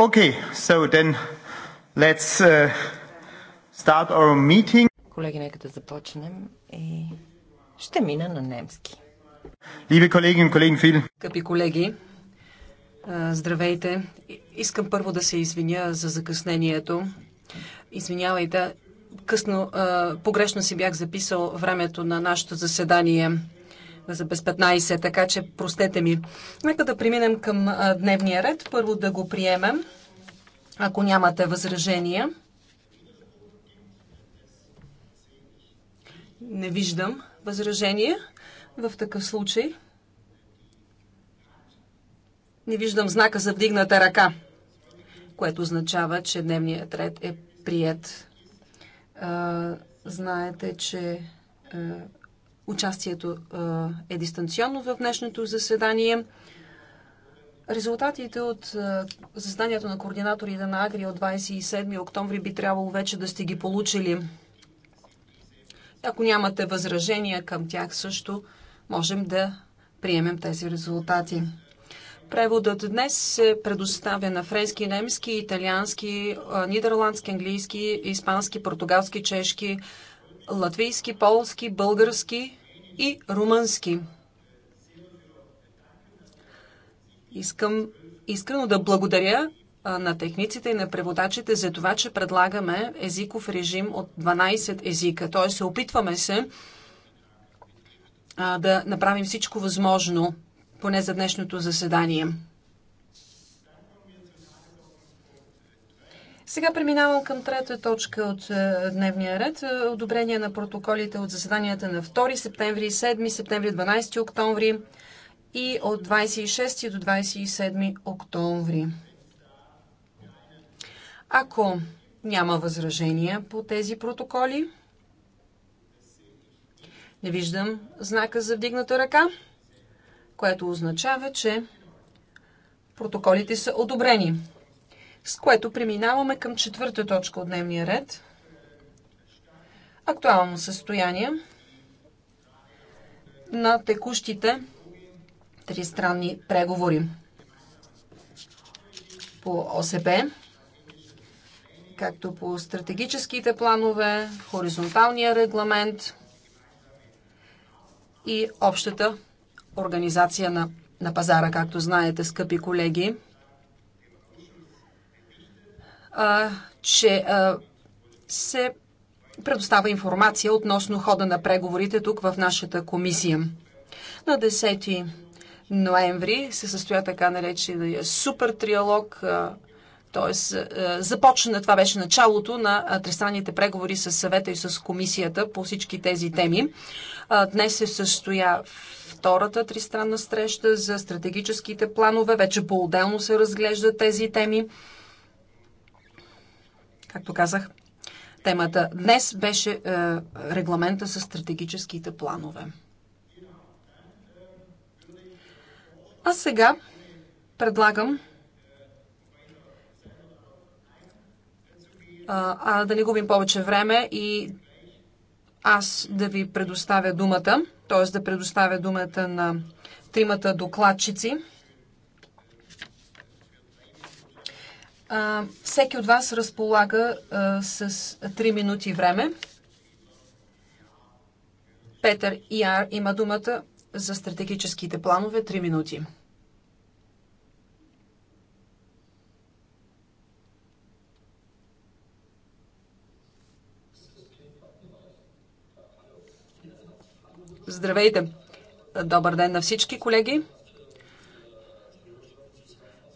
Okay, so then let's uh, start our meeting. Колеги, нека да започнем и ще мина на немски. Либи колеги и колеги Фил. Скъпи колеги, здравейте. Искам първо да се извиня за закъснението. Извинявайте, късно, погрешно си бях записал времето на нашето заседание за без 15, така че простете ми. Нека да преминем към дневния ред. Първо да го приемем, ако нямате възражения. Не виждам възражение. В такъв случай не виждам знака за вдигната ръка, което означава, че дневният ред е прият. знаете, че Участието е дистанционно в днешното заседание. Резултатите от заседанието на координаторите на Агри от 27 октомври би трябвало вече да сте ги получили. Ако нямате възражения към тях също, можем да приемем тези резултати. Преводът днес се предоставя на френски, немски, италиански, нидерландски, английски, испански, португалски, чешки, латвийски, полски, български и румънски. Искам искрено да благодаря на техниците и на преводачите за това, че предлагаме езиков режим от 12 езика. Т.е. се опитваме се да направим всичко възможно, поне за днешното заседание. Сега преминавам към трета точка от е, дневния ред. Е, одобрение на протоколите от заседанията на 2 септември, 7 септември, 12 октомври и от 26 до 27 октомври. Ако няма възражения по тези протоколи, не виждам знака за вдигната ръка, което означава, че протоколите са одобрени с което преминаваме към четвърта точка от дневния ред. Актуално състояние на текущите тристранни преговори по ОСП, както по стратегическите планове, хоризонталния регламент и общата организация на, на пазара, както знаете, скъпи колеги че се предоставя информация относно хода на преговорите тук в нашата комисия. На 10 ноември се състоя така наречения супер триалог, т.е. започна, това беше началото на тристранните преговори с съвета и с комисията по всички тези теми. Днес се състоя втората тристранна среща за стратегическите планове. Вече по-отделно се разглеждат тези теми. Както казах, темата днес беше е, регламента с стратегическите планове. А сега предлагам а, а да не губим повече време и аз да ви предоставя думата, т.е. да предоставя думата на тримата докладчици. А, всеки от вас разполага а, с 3 минути време. Петър Ар има думата за стратегическите планове 3 минути. Здравейте! Добър ден на всички колеги!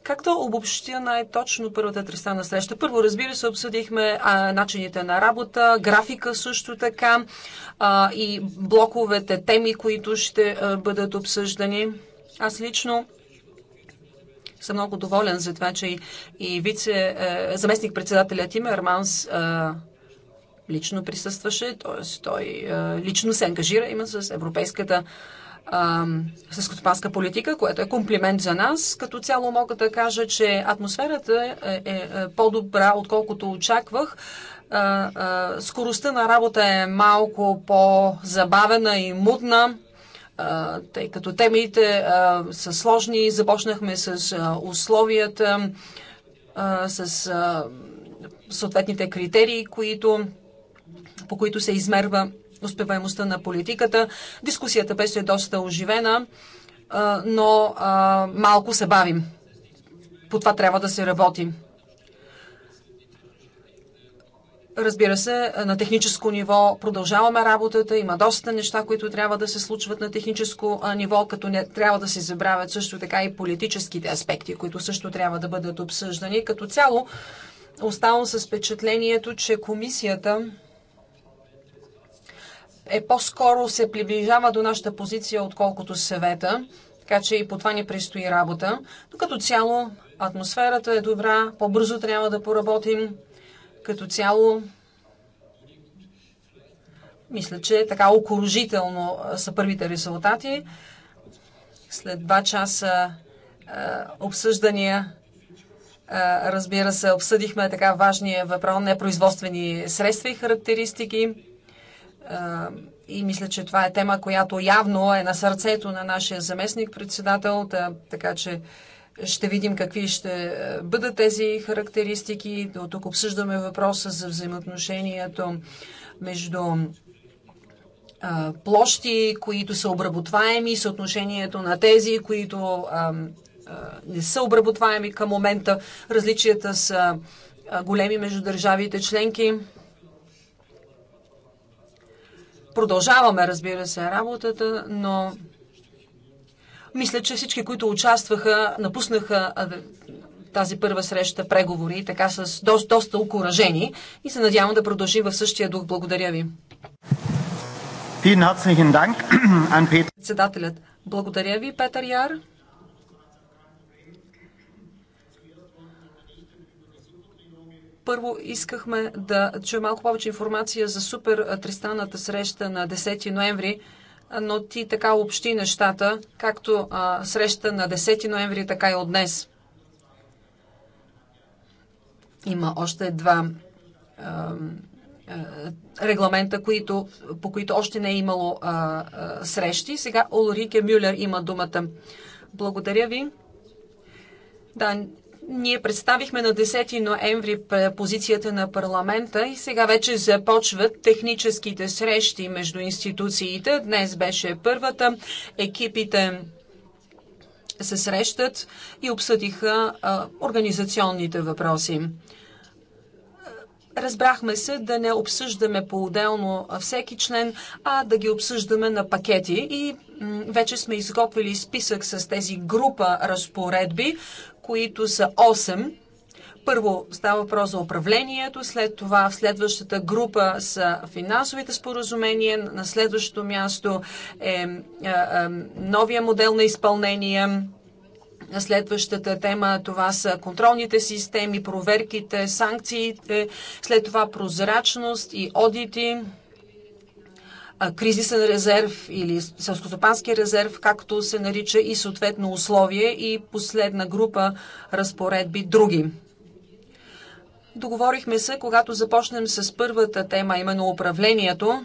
Как да обобщя най-точно първата на среща? Първо, разбира се, обсъдихме а, начините на работа, графика също така а, и блоковете, теми, които ще а, бъдат обсъждани. Аз лично съм много доволен за това, че и, и вице, а, е, заместник-председателя Тимерманс а, лично присъстваше, т.е. той а, лично се ангажира има с Европейската а, съскотопанска политика, което е комплимент за нас. Като цяло мога да кажа, че атмосферата е, е, е по-добра, отколкото очаквах. Скоростта на работа е малко по-забавена и мудна тъй като темите са сложни. Започнахме с условията, с съответните критерии, които, по които се измерва успеваемостта на политиката. Дискусията беше доста оживена, но малко се бавим. По това трябва да се работи. Разбира се, на техническо ниво продължаваме работата. Има доста неща, които трябва да се случват на техническо ниво, като не трябва да се забравят също така и политическите аспекти, които също трябва да бъдат обсъждани. Като цяло, оставам с впечатлението, че комисията е по-скоро се приближава до нашата позиция, отколкото съвета. Така че и по това ни предстои работа. Но като цяло атмосферата е добра, по-бързо трябва да поработим. Като цяло мисля, че така окоръжително са първите резултати. След два часа обсъждания, разбира се, обсъдихме така важния въпрос, непроизводствени средства и характеристики. И мисля, че това е тема, която явно е на сърцето на нашия заместник-председател, така че ще видим какви ще е, бъдат тези характеристики. До тук обсъждаме въпроса за взаимоотношението между площи, които са обработваеми, съотношението на тези, които не са обработваеми към момента. Различията са големи между държавите членки. Продължаваме, разбира се, работата, но мисля, че всички, които участваха, напуснаха тази първа среща, преговори, така с до, доста окоръжени и се надявам да продължи в същия дух. Благодаря ви. Председателят, благодаря ви, Петър Яр. Първо искахме да чуем малко повече информация за супер тристанната среща на 10 ноември, но ти така общи нещата, както среща на 10 ноември, така и от днес. Има още два регламента, които, по които още не е имало а, а, срещи. Сега Олрике Мюлер има думата. Благодаря ви. Да, ние представихме на 10 ноември позицията на парламента и сега вече започват техническите срещи между институциите. Днес беше първата. Екипите се срещат и обсъдиха организационните въпроси. Разбрахме се да не обсъждаме по-отделно всеки член, а да ги обсъждаме на пакети и вече сме изготвили списък с тези група разпоредби, които са 8. Първо става въпрос за управлението, след това в следващата група са финансовите споразумения, на следващото място е, е, е новия модел на изпълнение, на следващата тема това са контролните системи, проверките, санкциите, след това прозрачност и одити кризисен резерв или селскостопански резерв, както се нарича и съответно условие и последна група разпоредби други. Договорихме се, когато започнем с първата тема, именно управлението,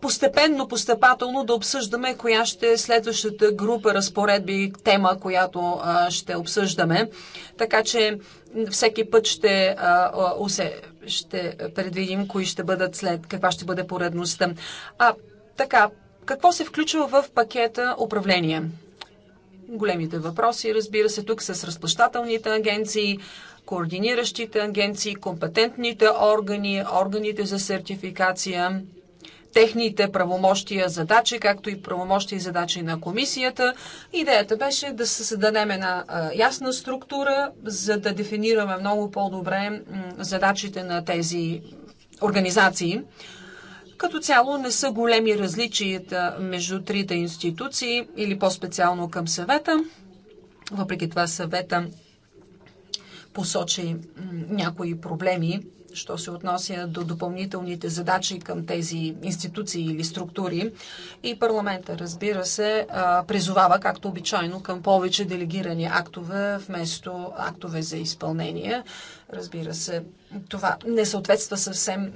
постепенно, постъпателно да обсъждаме коя ще е следващата група разпоредби, тема, която ще обсъждаме. Така че всеки път ще, ще предвидим кои ще бъдат след, каква ще бъде поредността. А, така, какво се включва в пакета управление? Големите въпроси, разбира се, тук с разплащателните агенции, координиращите агенции, компетентните органи, органите за сертификация – техните правомощия, задачи, както и правомощия и задачи на комисията. Идеята беше да създадем една ясна структура, за да дефинираме много по-добре задачите на тези организации. Като цяло не са големи различията между трите институции или по-специално към съвета. Въпреки това съвета посочи някои проблеми, що се отнася до допълнителните задачи към тези институции или структури. И парламента, разбира се, призовава, както обичайно, към повече делегирани актове вместо актове за изпълнение. Разбира се, това не съответства съвсем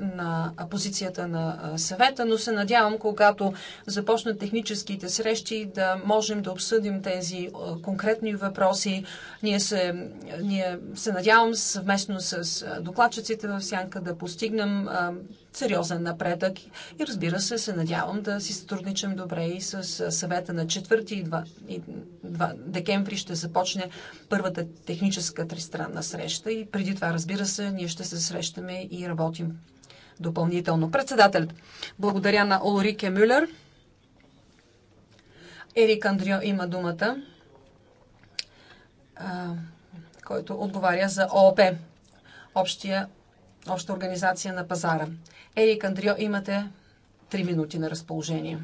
на позицията на съвета, но се надявам, когато започнат техническите срещи, да можем да обсъдим тези конкретни въпроси. Ние се, ние се надявам съвместно с докладчиците в Сянка да постигнем сериозен напредък и разбира се, се надявам да си сътрудничам добре и с съвета на 4 и 2, и 2 декември ще започне първата техническа тристранна среща и преди това, разбира се, ние ще се срещаме и работим допълнително. Председателят, благодаря на Олрике Мюлер. Ерик Андрио има думата, който отговаря за ООП, общия обща организация на пазара. Ерик Андрио, имате 3 минути на разположение.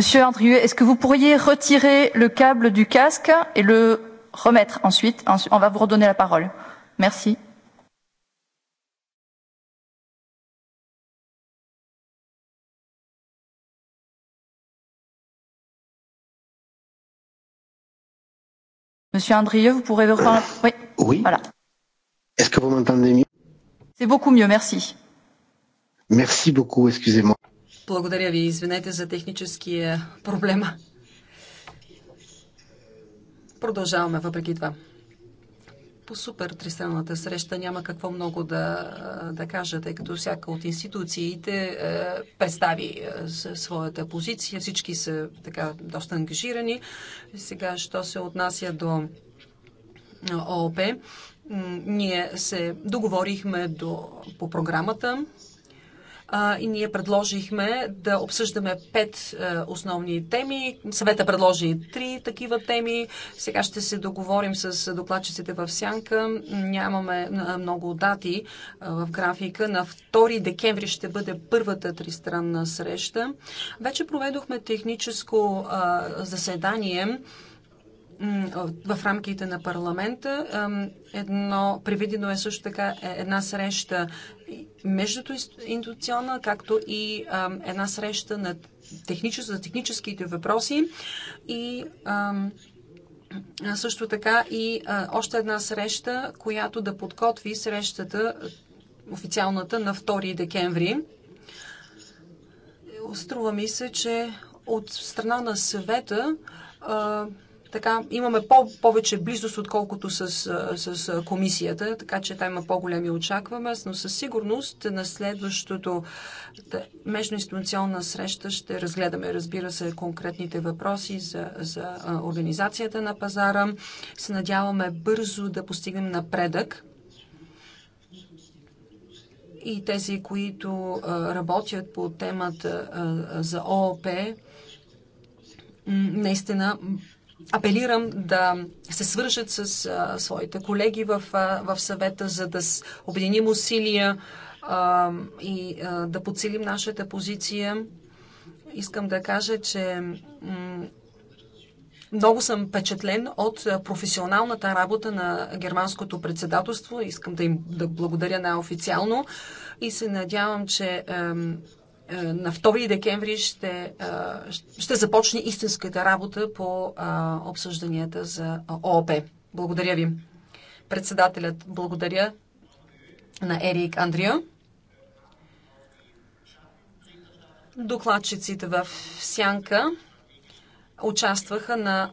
Monsieur Andrieux, est-ce que vous pourriez retirer le câble du casque et le remettre ensuite. On va vous redonner la parole. Merci. Monsieur Andrieux, vous pourrez vous reprendre. Oui. Oui. Voilà. Est-ce que vous m'entendez mieux C'est beaucoup mieux, merci. Merci beaucoup, excusez-moi. Благодаря ви. Извинете за техническия проблема. Продължаваме въпреки това. По супер тристранната среща няма какво много да, да кажа, тъй като всяка от институциите е, представи е, своята позиция. Всички са така доста ангажирани. Сега, що се отнася до е, ООП, ние се договорихме до, по програмата и ние предложихме да обсъждаме пет е, основни теми. Съвета предложи три такива теми. Сега ще се договорим с докладчиците в Сянка. Нямаме е, много дати е, в графика. На 2 декември ще бъде първата тристранна среща. Вече проведохме техническо заседание в рамките на парламента. Едно, привидено е също така е една среща между институционна, както и една среща на техничес, за техническите въпроси и също така и още една среща, която да подготви срещата официалната на 2 декември. Струва ми се, че от страна на съвета така имаме по- повече близост, отколкото с, с комисията, така че там има по-големи очакваме, но със сигурност на следващото междуинституционна среща ще разгледаме, разбира се, конкретните въпроси за, за организацията на пазара. Се надяваме бързо да постигнем напредък и тези, които работят по темата за ООП, наистина апелирам да се свържат с а, своите колеги в, а, в съвета, за да обединим усилия а, и а, да подсилим нашата позиция. Искам да кажа, че много съм впечатлен от професионалната работа на германското председателство. Искам да им да благодаря най-официално и се надявам, че е, на 2 декември ще, е, ще започне истинската работа по е, обсъжданията за ООП. Благодаря ви. Председателят благодаря на Ерик Андрио. Докладчиците в Сянка участваха на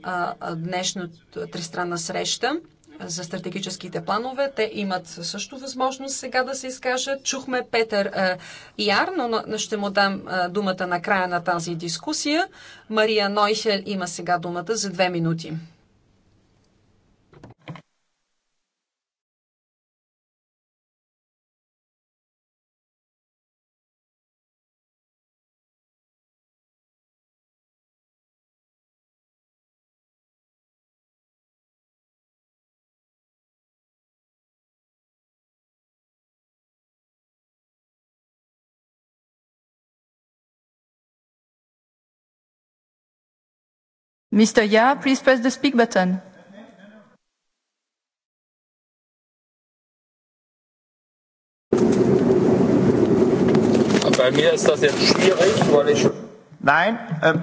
днешната тристранна среща за стратегическите планове. Те имат също възможност сега да се изкажат. Чухме Петър е, Яр, но ще му дам е, думата на края на тази дискусия. Мария Нойхел има сега думата за две минути. Mr. Yap, please press the speak button. Bei mir ist das jetzt schwierig, weil ich. Nein, äh,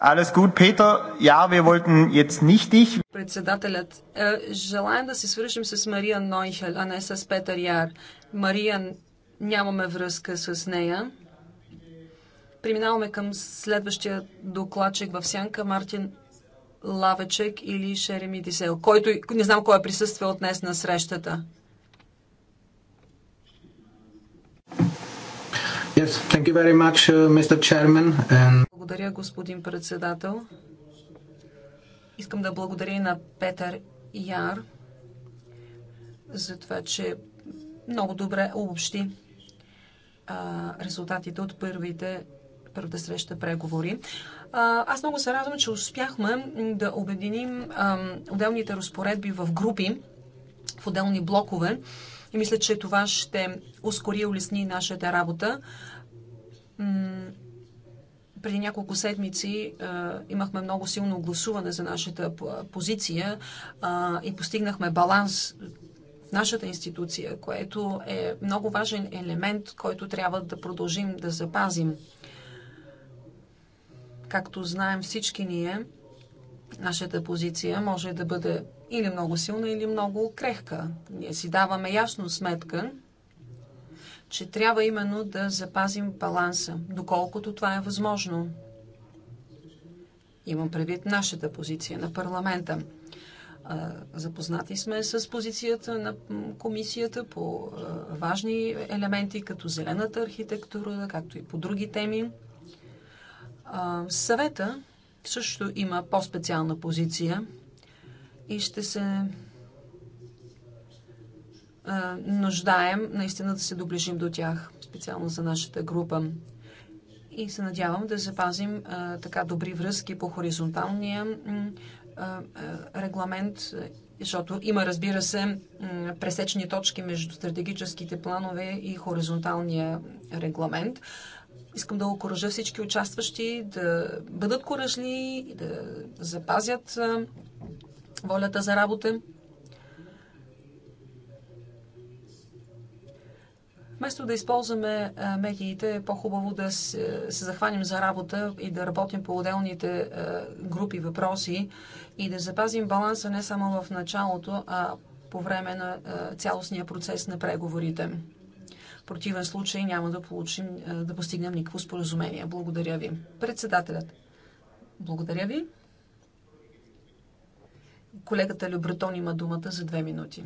alles gut, Peter. Ja, wir wollten jetzt nicht dich. Председателят, е, желаем да се свършим с Мария Нойхел, а не с Петър Яр. Мария, нямаме връзка с нея. Преминаваме към следващия докладчик в сянка Мартин Лавечек или Шереми Дисел, който не знам кой е присъствал днес на срещата. Yes, thank you very much, uh, Mr. Chairman. And... Благодаря, господин председател. Искам да благодаря и на Петър Яр за това, че много добре обобщи резултатите от първите първата среща преговори. Аз много се радвам, че успяхме да обединим отделните разпоредби в групи, в отделни блокове. И мисля, че това ще ускори и улесни нашата работа преди няколко седмици а, имахме много силно гласуване за нашата позиция а, и постигнахме баланс в нашата институция, което е много важен елемент, който трябва да продължим да запазим. Както знаем всички ние, нашата позиция може да бъде или много силна, или много крехка. Ние си даваме ясно сметка, че трябва именно да запазим баланса, доколкото това е възможно. Имам предвид нашата позиция на парламента. Запознати сме с позицията на комисията по важни елементи, като зелената архитектура, както и по други теми. Съвета също има по-специална позиция и ще се нуждаем наистина да се доближим до тях, специално за нашата група. И се надявам да запазим а, така добри връзки по хоризонталния а, регламент, защото има, разбира се, пресечни точки между стратегическите планове и хоризонталния регламент. Искам да окоръжа всички участващи да бъдат коражли и да запазят волята за работа. Вместо да използваме медиите, е по-хубаво да се, се захванем за работа и да работим по отделните групи въпроси и да запазим баланса не само в началото, а по време на цялостния процес на преговорите противен случай няма да, получим, е, да постигнем никакво споразумение. Благодаря ви. Председателят. Благодаря ви. Колегата Любретон има думата за две минути.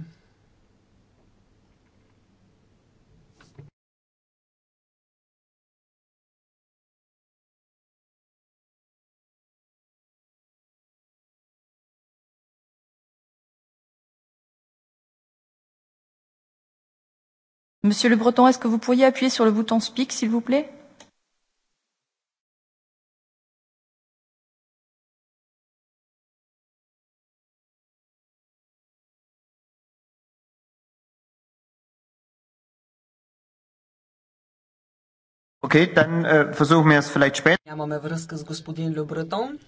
Monsieur Le Breton, est-ce que vous pourriez appuyer sur le bouton Speak, s'il vous plaît Okay, dann äh, versuchen wir es vielleicht später. Ja, Нямаме връзка с господин Kollege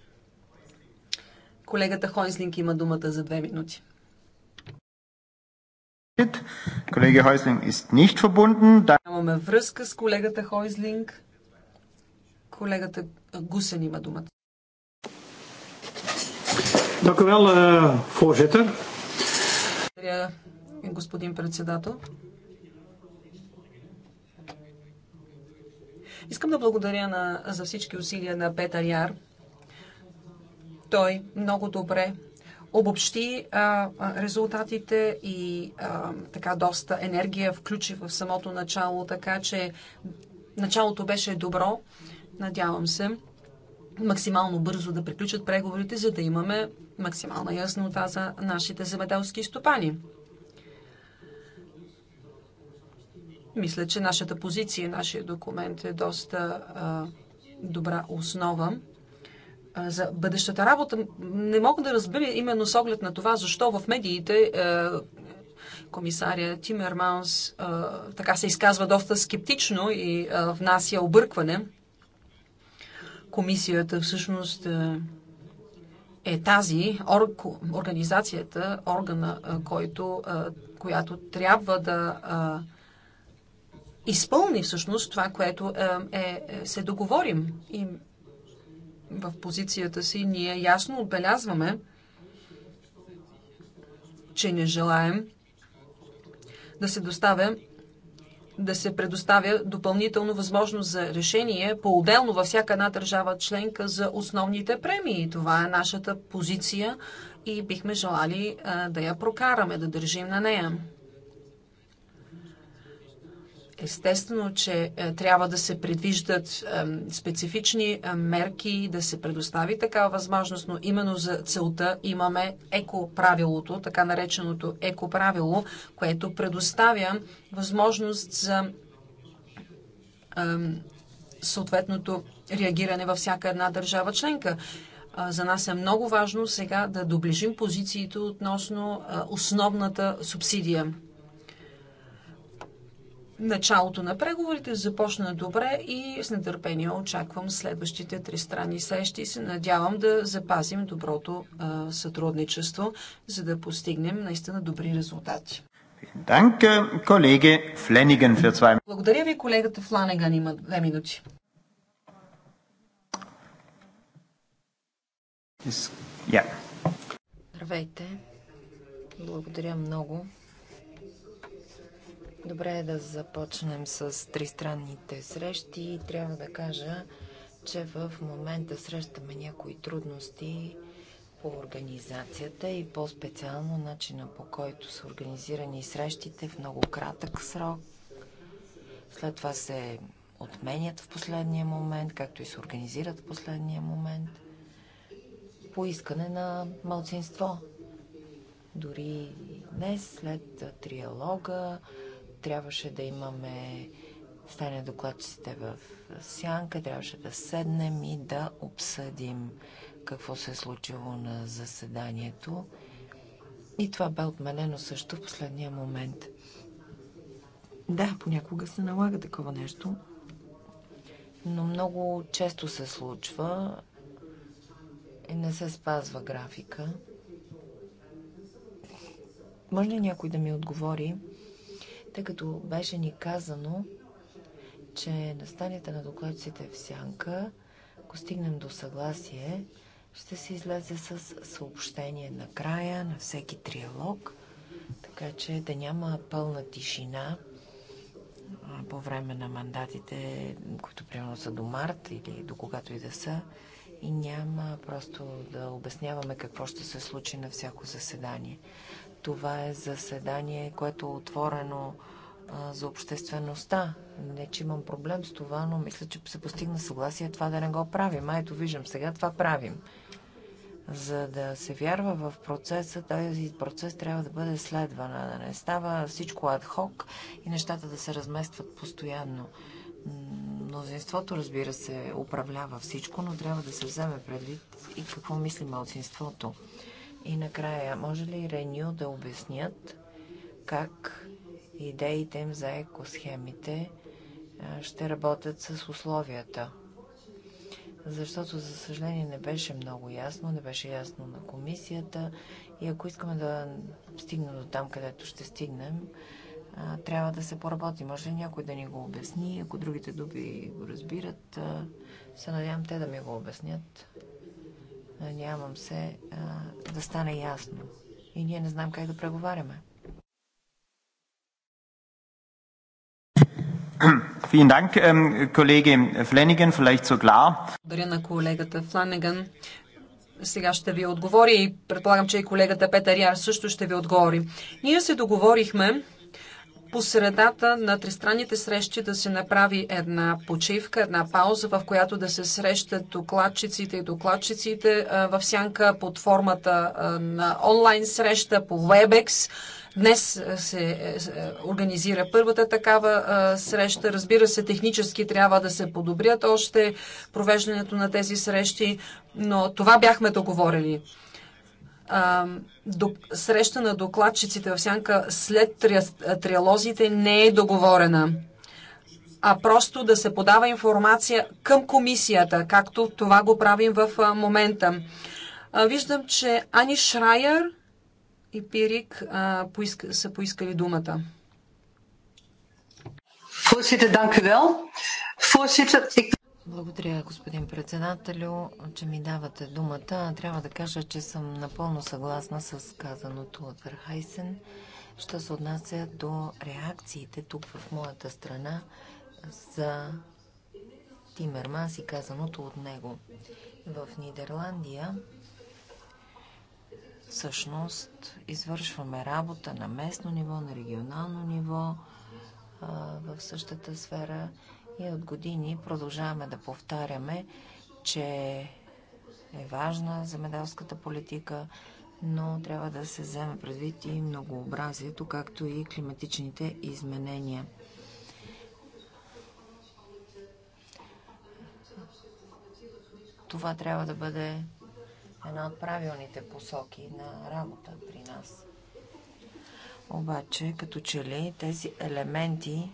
Колегата hat има Wort für zwei Minuten. Колега Хойслинг е нищ verbunden. Нямаме връзка с колегата Хойслинг. Колегата Гусен има думата. Dank u wel, Благодаря, господин председател. Искам да благодаря на, за всички усилия на Петър Яр. Той много добре обобщи а, резултатите и а, така доста енергия включи в самото начало, така че началото беше добро. Надявам се максимално бързо да приключат преговорите, за да имаме максимална яснота за нашите земеделски стопани. Мисля, че нашата позиция, нашия документ е доста а, добра основа за бъдещата работа. Не мога да разбера именно с оглед на това, защо в медиите е, комисария Тимерманс е, така се изказва доста скептично и е, внася объркване. Комисията всъщност е тази организацията, органа, който, която трябва да изпълни всъщност това, което е, е, се договорим. И в позицията си ние ясно отбелязваме, че не желаем да се доставя да се предоставя допълнително възможност за решение по-отделно във всяка една държава членка за основните премии. Това е нашата позиция и бихме желали да я прокараме, да държим на нея. Естествено, че е, трябва да се предвиждат е, специфични е, мерки, да се предостави такава възможност, но именно за целта имаме екоправилото, така нареченото екоправило, което предоставя възможност за съответното реагиране във всяка една държава членка. За нас е много важно сега да доближим позициите относно основната субсидия. Началото на преговорите започна добре и с нетърпение очаквам следващите три страни срещи и се надявам да запазим доброто сътрудничество, за да постигнем наистина добри резултати. Благодаря ви, колегата Фланеган има две минути. Yeah. Здравейте. Благодаря много Добре е да започнем с тристранните срещи. Трябва да кажа, че в момента срещаме някои трудности по организацията и по-специално начина по който са организирани срещите в много кратък срок. След това се отменят в последния момент, както и се организират в последния момент по искане на малцинство. Дори днес, след триалога, трябваше да имаме стане докладчиците в сянка, трябваше да седнем и да обсъдим какво се е случило на заседанието. И това бе отменено също в последния момент. Да, понякога се налага такова нещо, но много често се случва и не се спазва графика. Може ли някой да ми отговори тъй като беше ни казано, че на на докладците в Сянка, ако стигнем до съгласие, ще се излезе с съобщение на края на всеки триалог, така че да няма пълна тишина по време на мандатите, които примерно са до март или до когато и да са, и няма просто да обясняваме какво ще се случи на всяко заседание. Това е заседание, което е отворено а, за обществеността. Не, че имам проблем с това, но мисля, че се постигна съгласие това да не го правим. А ето виждам, сега това правим. За да се вярва в процеса, този процес трябва да бъде следван, да не става всичко адхок и нещата да се разместват постоянно. Мнозинството, разбира се, управлява всичко, но трябва да се вземе предвид и какво мисли мълцинството. И накрая, може ли Реню да обяснят как идеите им за екосхемите ще работят с условията? Защото, за съжаление, не беше много ясно, не беше ясно на комисията. И ако искаме да стигнем до там, където ще стигнем, трябва да се поработи. Може ли някой да ни го обясни? Ако другите дуби го разбират, се надявам те да ми го обяснят надявам се, а, да стане ясно. И ние не знам как да преговаряме. Ähm, Благодаря на колегата Фланеган. Сега ще ви отговори и предполагам, че и колегата Петър Яр също ще ви отговори. Ние се договорихме по средата на тристранните срещи да се направи една почивка, една пауза, в която да се срещат докладчиците и докладчиците в сянка под формата на онлайн среща по WebEx. Днес се е, е, организира първата такава среща. Разбира се, технически трябва да се подобрят още провеждането на тези срещи, но това бяхме договорили среща на докладчиците в сянка след триалозите не е договорена, а просто да се подава информация към комисията, както това го правим в момента. Виждам, че Ани Шрайер и Пирик са поискали думата. Voorzitter, dank u wel. Voorzitter, ik благодаря, господин председателю, че ми давате думата. Трябва да кажа, че съм напълно съгласна с казаното от Верхайсен, що се отнася до реакциите тук в моята страна за Тимерманс и казаното от него. В Нидерландия всъщност извършваме работа на местно ниво, на регионално ниво, в същата сфера и от години продължаваме да повтаряме, че е важна земеделската политика, но трябва да се вземе предвид и многообразието, както и климатичните изменения. Това трябва да бъде една от правилните посоки на работа при нас. Обаче, като че ли тези елементи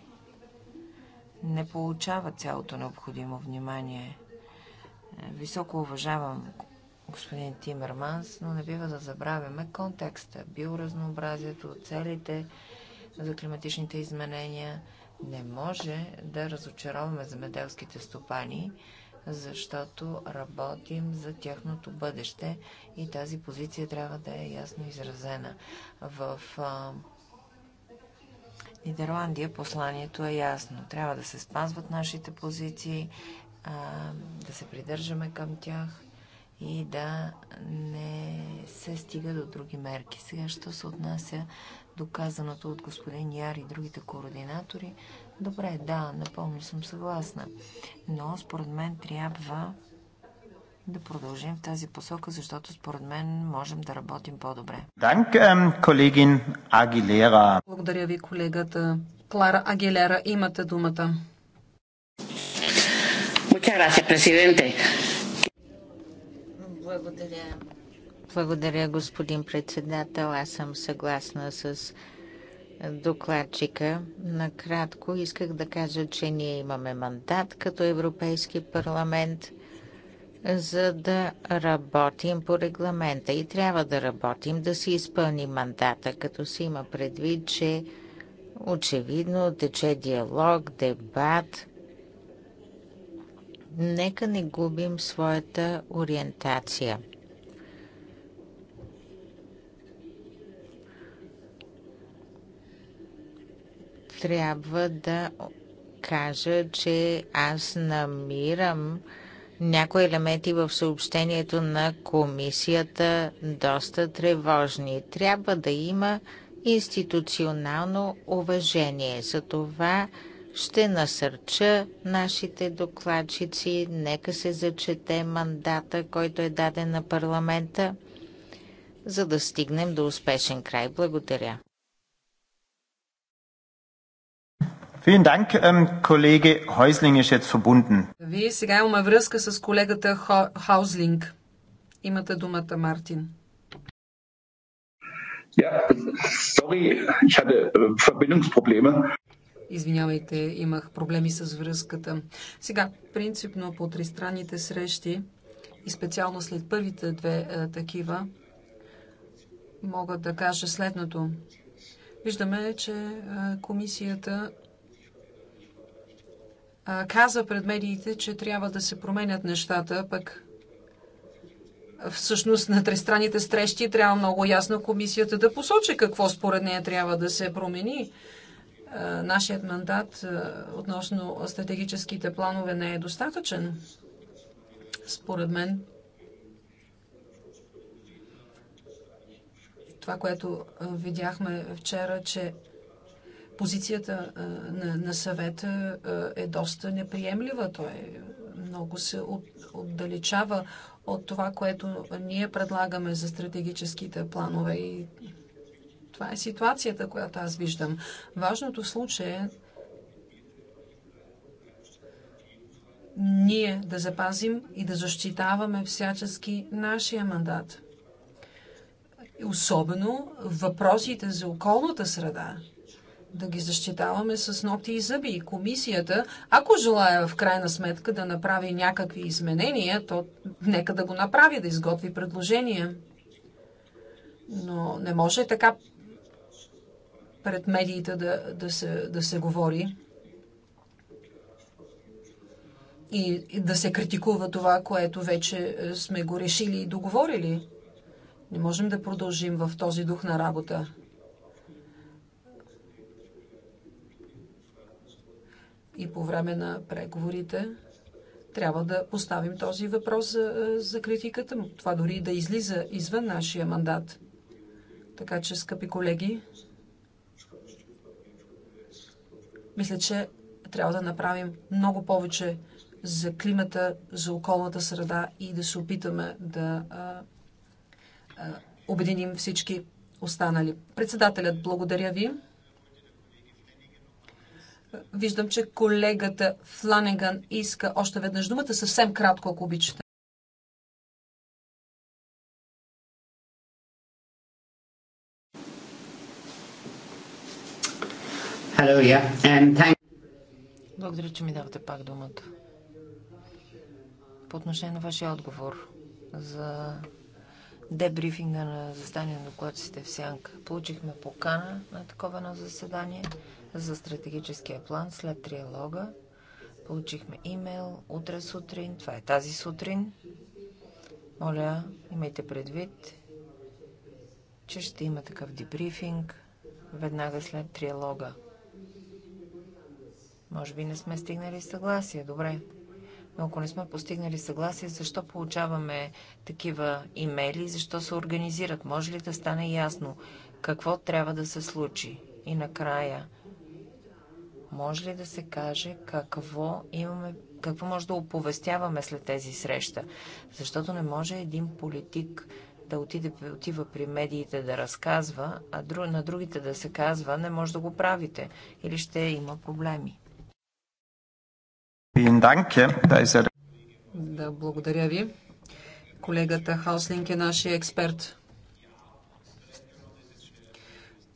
не получава цялото необходимо внимание. Е, високо уважавам господин Тимерманс, но не бива да забравяме контекста, биоразнообразието, целите за климатичните изменения. Не може да разочароваме земеделските стопани, защото работим за тяхното бъдеще и тази позиция трябва да е ясно изразена. В Нидерландия посланието е ясно. Трябва да се спазват нашите позиции, да се придържаме към тях и да не се стига до други мерки. Сега, що се отнася до казаното от господин Яр и другите координатори, добре, да, напълно съм съгласна. Но според мен трябва да продължим в тази посока, защото според мен можем да работим по-добре. Ähm, Благодаря ви, колегата Клара Агилера. Имате думата. Благодаря. Благодаря, господин председател. Аз съм съгласна с докладчика. Накратко исках да кажа, че ние имаме мандат като Европейски парламент – за да работим по регламента. И трябва да работим, да си изпълни мандата, като се има предвид, че очевидно тече диалог, дебат. Нека не губим своята ориентация. Трябва да кажа, че аз намирам някои елементи в съобщението на комисията доста тревожни. Трябва да има институционално уважение. За това ще насърча нашите докладчици. Нека се зачете мандата, който е даден на парламента, за да стигнем до успешен край. Благодаря. Ähm, Вие сега имаме връзка с колегата Хаузлинг. Имате думата, Мартин. Ja, sorry, ich hatte äh, Verbindungsprobleme. Извинявайте, имах проблеми с връзката. Сега, принципно по тристранните срещи и специално след първите две е, такива, мога да кажа следното. Виждаме, че е, комисията каза пред медиите, че трябва да се променят нещата, пък всъщност на тристранните срещи трябва много ясно комисията да посочи какво според нея трябва да се промени. Нашият мандат относно стратегическите планове не е достатъчен, според мен. Това, което видяхме вчера, че позицията на, на съвета е доста неприемлива. Той много се отдалечава от това, което ние предлагаме за стратегическите планове. И това е ситуацията, която аз виждам. Важното в случая е ние да запазим и да защитаваме всячески нашия мандат. Особено въпросите за околната среда – да ги защитаваме с ногти и зъби. И комисията, ако желая в крайна сметка да направи някакви изменения, то нека да го направи, да изготви предложения. Но не може така пред медиите да, да, се, да се говори и, и да се критикува това, което вече е, сме го решили и договорили. Не можем да продължим в този дух на работа. и по време на преговорите трябва да поставим този въпрос за, за критиката му. Това дори да излиза извън нашия мандат. Така че, скъпи колеги, мисля, че трябва да направим много повече за климата, за околната среда и да се опитаме да а, а, обединим всички останали. Председателят, благодаря ви. Виждам, че колегата Фланеган иска още веднъж думата. Съвсем кратко, ако обичате. Благодаря, че ми давате пак думата. По отношение на вашия отговор за дебрифинга на заседание на докладците в Сянка. Получихме покана на такова на заседание за стратегическия план след триалога. Получихме имейл утре сутрин, това е тази сутрин. Моля, имайте предвид, че ще има такъв дебрифинг веднага след триалога. Може би не сме стигнали съгласие. Добре. Но ако не сме постигнали съгласие, защо получаваме такива имейли, защо се организират? Може ли да стане ясно какво трябва да се случи? И накрая, може ли да се каже какво имаме какво може да оповестяваме след тези среща. Защото не може един политик да отиде, отива при медиите да разказва, а на другите да се казва не може да го правите или ще има проблеми. Er. Да, благодаря ви. Колегата Хауслинг е нашия експерт.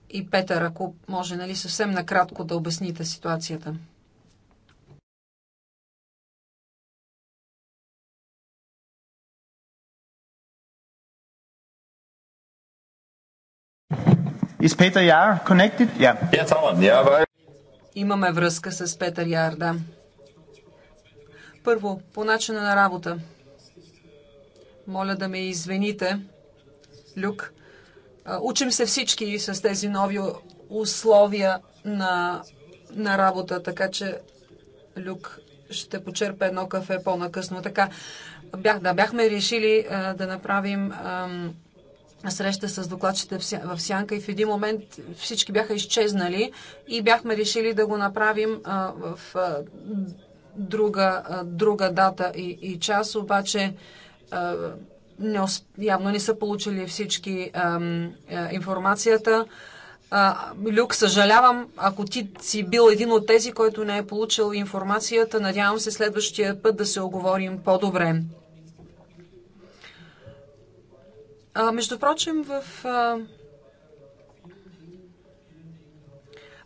И Петър, ако може, нали, съвсем накратко да обясните ситуацията. Is Peter Jahr connected? Yeah. Yeah, Yeah, but... Имаме връзка с Петър Яр, да. Първо, по начина на работа. Моля да ме извините, Люк. Учим се всички с тези нови условия на, на работа, така че Люк ще почерпя едно кафе по-накъсно. Така, бях, да, бяхме решили а, да направим а, среща с докладчите в Сянка и в един момент всички бяха изчезнали и бяхме решили да го направим а, в а, друга, друга дата и, и час, обаче не, явно не са получили всички информацията. Люк, съжалявам, ако ти си бил един от тези, който не е получил информацията, надявам се следващия път да се оговорим по-добре. А, между прочим, в а,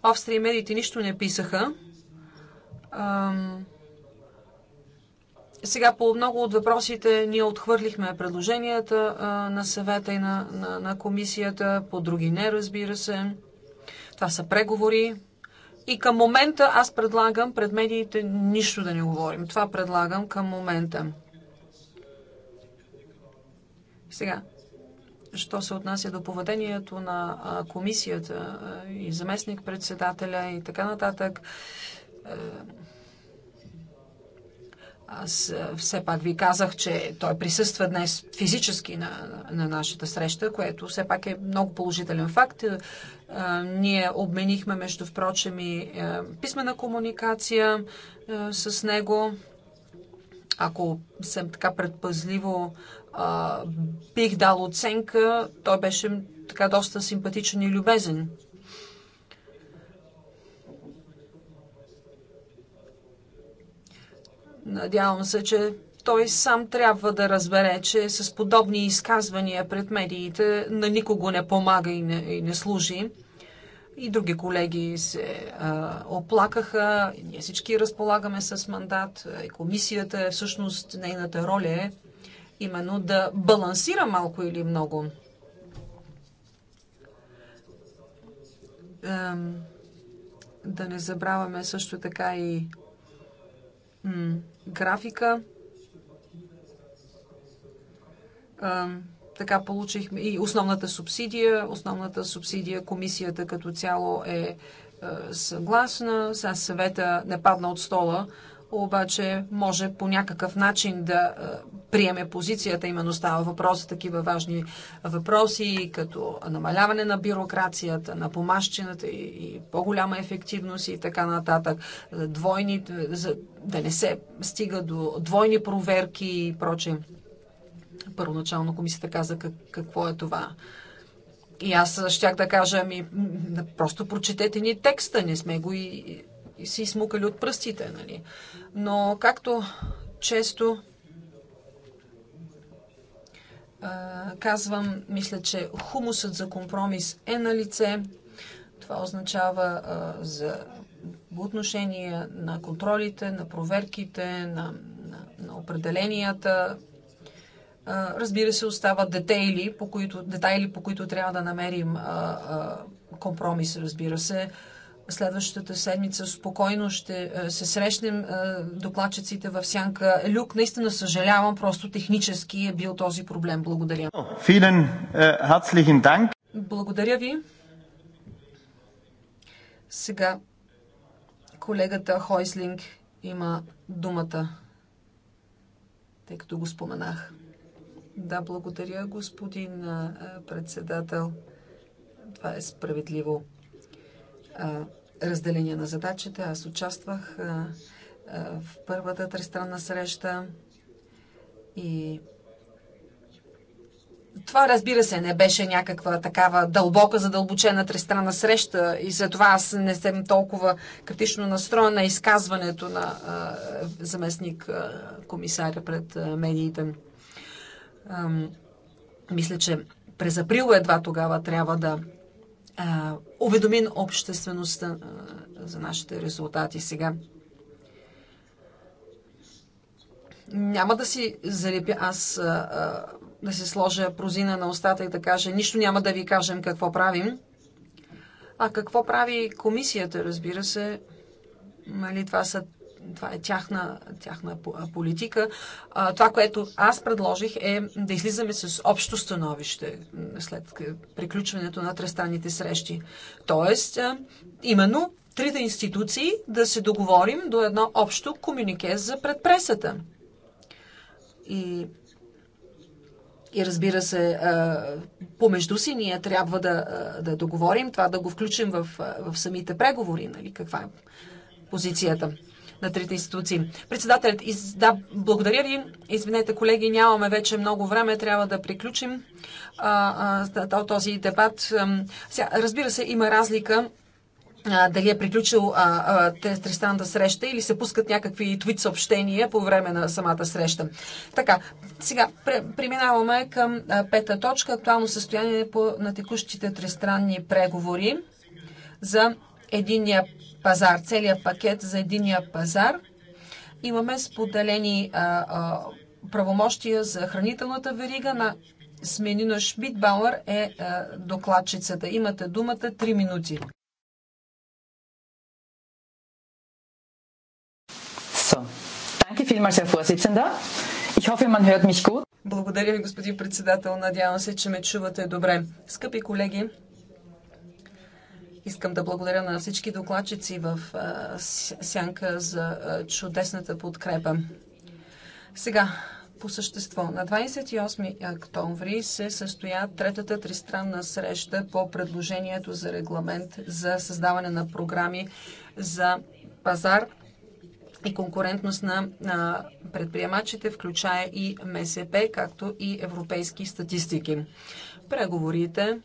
Австрия медиите нищо не писаха. А, сега по много от въпросите ние отхвърлихме предложенията на съвета и на, на, на комисията, по други не, разбира се. Това са преговори. И към момента аз предлагам пред медиите нищо да не говорим. Това предлагам към момента. Сега, що се отнася до поведението на комисията и заместник-председателя и така нататък, аз все пак ви казах, че той присъства днес физически на, на нашата среща, което все пак е много положителен факт. А, ние обменихме, между впрочем, и а, писмена комуникация а, с него. Ако съм така предпазливо бих дал оценка, той беше така доста симпатичен и любезен. Надявам се, че той сам трябва да разбере, че с подобни изказвания пред медиите на никого не помага и не, и не служи. И други колеги се а, оплакаха. Ние всички разполагаме с мандат. И комисията е всъщност, нейната роля е именно да балансира малко или много. да не забравяме също така и графика. Така получихме и основната субсидия. Основната субсидия комисията като цяло е съгласна. Сега съвета не падна от стола, обаче може по някакъв начин да е, приеме позицията. Именно става въпрос за такива важни въпроси, като намаляване на бюрокрацията, на помащината и, и по-голяма ефективност и така нататък. Двойни, е, за да не се стига до двойни проверки и прочее. Първоначално комисията каза как, какво е това. И аз щях да кажа, ами, просто прочетете ни текста, не сме го и и си смукали от пръстите, нали? Но както често казвам, мисля, че хумусът за компромис е на лице. Това означава а, за отношение на контролите, на проверките, на, на, на определенията. А, разбира се, остават детайли, по които, детайли, по които трябва да намерим а, компромис, разбира се следващата седмица спокойно ще е, се срещнем е, докладчиците в Сянка. Люк, наистина съжалявам, просто технически е бил този проблем. Благодаря. Е, благодаря ви. Сега колегата Хойслинг има думата, тъй като го споменах. Да, благодаря, господин председател. Това е справедливо разделение на задачите. Аз участвах в първата тристранна среща и това, разбира се, не беше някаква такава дълбока, задълбочена тристранна среща и за това аз не съм толкова критично настроена на изказването на а, заместник а, комисаря пред а, медиите. А, мисля, че през април едва тогава трябва да а, уведомим обществеността а, за нашите резултати сега. Няма да си залепя аз а, а, да си сложа прозина на устата и да кажа нищо няма да ви кажем какво правим. А какво прави комисията, разбира се, нали, това са това е тяхна, тяхна политика. А, това, което аз предложих е да излизаме с общо становище след приключването на тръстанните срещи. Тоест, а, именно трите институции да се договорим до едно общо комюнике за предпресата. И и разбира се, помежду си ние трябва да, да договорим това, да го включим в, в самите преговори, нали, каква е позицията на трите институции. Председателят, из... да, благодаря ви. Извинете, колеги, нямаме вече много време, трябва да приключим а, а, този дебат. Сега, разбира се, има разлика дали е приключил тристанната среща или се пускат някакви твит съобщения по време на самата среща. Така, сега преминаваме към а, пета точка. Актуално състояние по, на текущите тристранни преговори за единия пазар, целият пакет за единия пазар. Имаме споделени правомощия за хранителната верига на Сменина Шмидбауър е докладчицата. Имате думата 3 минути. Благодаря ви, господин председател. Надявам се, че ме чувате добре. Скъпи колеги, Искам да благодаря на всички докладчици в Сянка за чудесната подкрепа. Сега, по същество. На 28 октомври се състоя третата тристранна среща по предложението за регламент за създаване на програми за пазар и конкурентност на предприемачите, включая и МСП, както и европейски статистики. Преговорите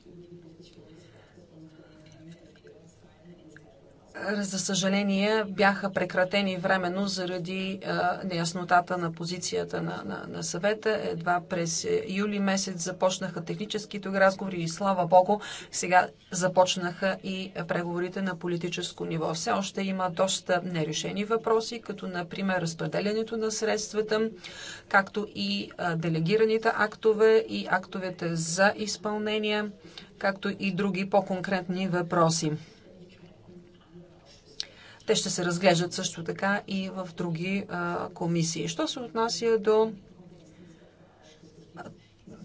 за съжаление, бяха прекратени временно заради неяснотата на позицията на, на, на съвета. Едва през е, юли месец започнаха техническите разговори и слава Богу, сега започнаха и преговорите на политическо ниво. Все още има доста нерешени въпроси, като например разпределянето на средствата, както и делегираните актове и актовете за изпълнение, както и други по-конкретни въпроси. Те ще се разглеждат също така и в други а, комисии. Що се отнася до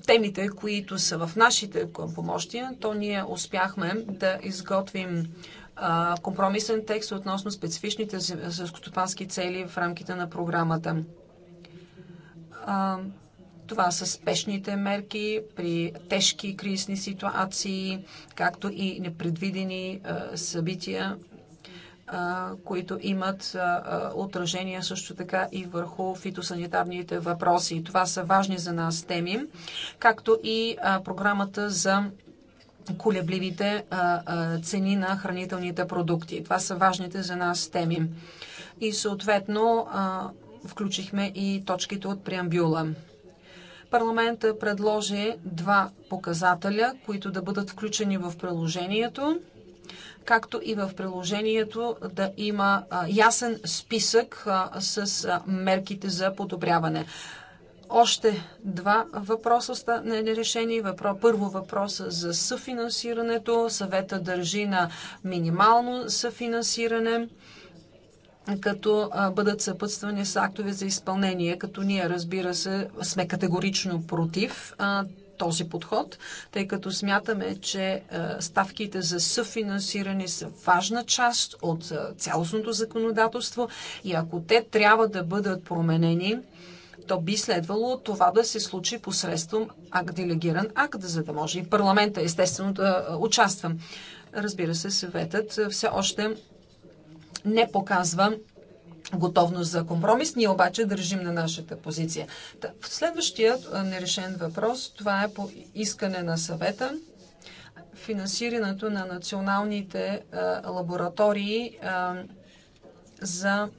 темите, които са в нашите помощия, то ние успяхме да изготвим а, компромисен текст относно специфичните селскостопански цели в рамките на програмата. А, това са спешните мерки при тежки кризисни ситуации, както и непредвидени събития които имат отражение също така и върху фитосанитарните въпроси. Това са важни за нас теми, както и програмата за колебливите цени на хранителните продукти. Това са важните за нас теми. И съответно включихме и точките от преамбюла. Парламента предложи два показателя, които да бъдат включени в приложението – както и в приложението да има ясен списък с мерките за подобряване. Още два въпроса са нерешени. Първо въпрос за съфинансирането. Съвета държи на минимално съфинансиране като бъдат съпътствани с актове за изпълнение, като ние, разбира се, сме категорично против този подход, тъй като смятаме, че е, ставките за съфинансиране са важна част от е, цялостното законодателство и ако те трябва да бъдат променени, то би следвало това да се случи посредством акт, делегиран акт, за да може и парламента естествено да е, участва. Разбира се, съветът все още не показва готовност за компромис. Ние обаче държим на нашата позиция. Следващият нерешен въпрос, това е по искане на съвета финансирането на националните лаборатории за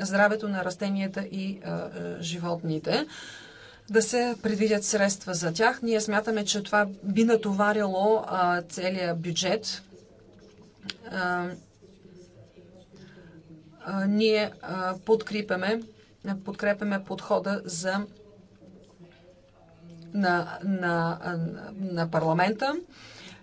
здравето на растенията и животните да се предвидят средства за тях. Ние смятаме, че това би натоварило целият бюджет ние подкрепяме, подкрепяме подхода за на, на, на парламента,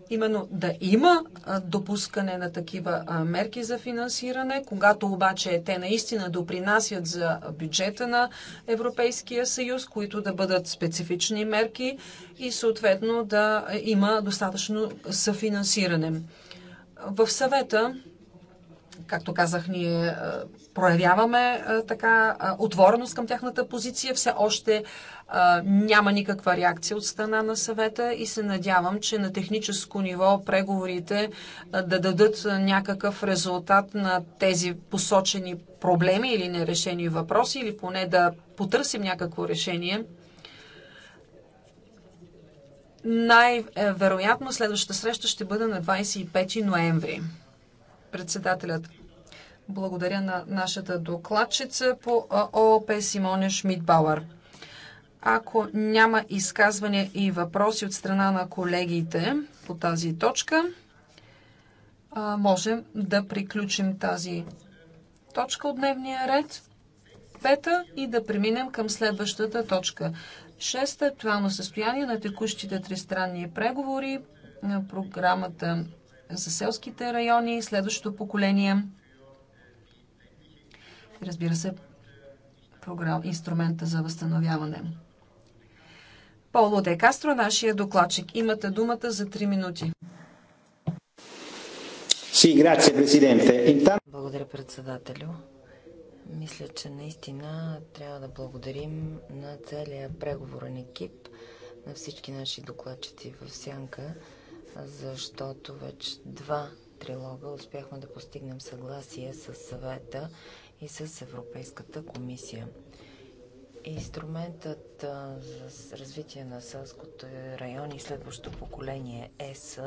именно да има допускане на такива мерки за финансиране, когато обаче те наистина допринасят за бюджета на Европейския съюз, които да бъдат специфични мерки и съответно да има достатъчно съфинансиране. В съвета Както казах, ние е, проявяваме е, така е, отвореност към тяхната позиция. Все още няма никаква реакция от страна на съвета и се надявам, че на техническо ниво преговорите да дадат някакъв резултат на тези посочени проблеми или нерешени въпроси, или поне да потърсим някакво решение най-вероятно следващата среща ще бъде на 25 ноември. Председателят. Благодаря на нашата докладчица по ООП Симоне Шмидбауър. Ако няма изказвания и въпроси от страна на колегите по тази точка, можем да приключим тази точка от дневния ред, пета и да преминем към следващата точка. Шеста е актуално състояние на текущите тристранни преговори на програмата за селските райони, следващото поколение. Разбира се, програм, инструмента за възстановяване. Поло Де Кастро, нашия докладчик. Имате думата за 3 минути. Благодаря, председателю. Мисля, че наистина трябва да благодарим на целия преговорен екип, на всички наши докладчици в Сянка, защото вече два трилога успяхме да постигнем съгласие с съвета и с Европейската комисия. Инструментът за развитие на селското район и следващо поколение ЕС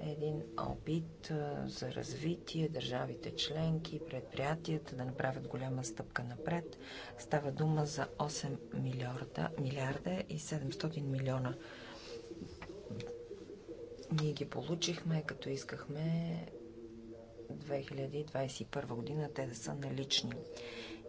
е един опит за развитие, държавите членки, предприятията да направят голяма стъпка напред. Става дума за 8 милиарда, милиарда и 700 милиона евро ние ги получихме, като искахме 2021 година те да са налични.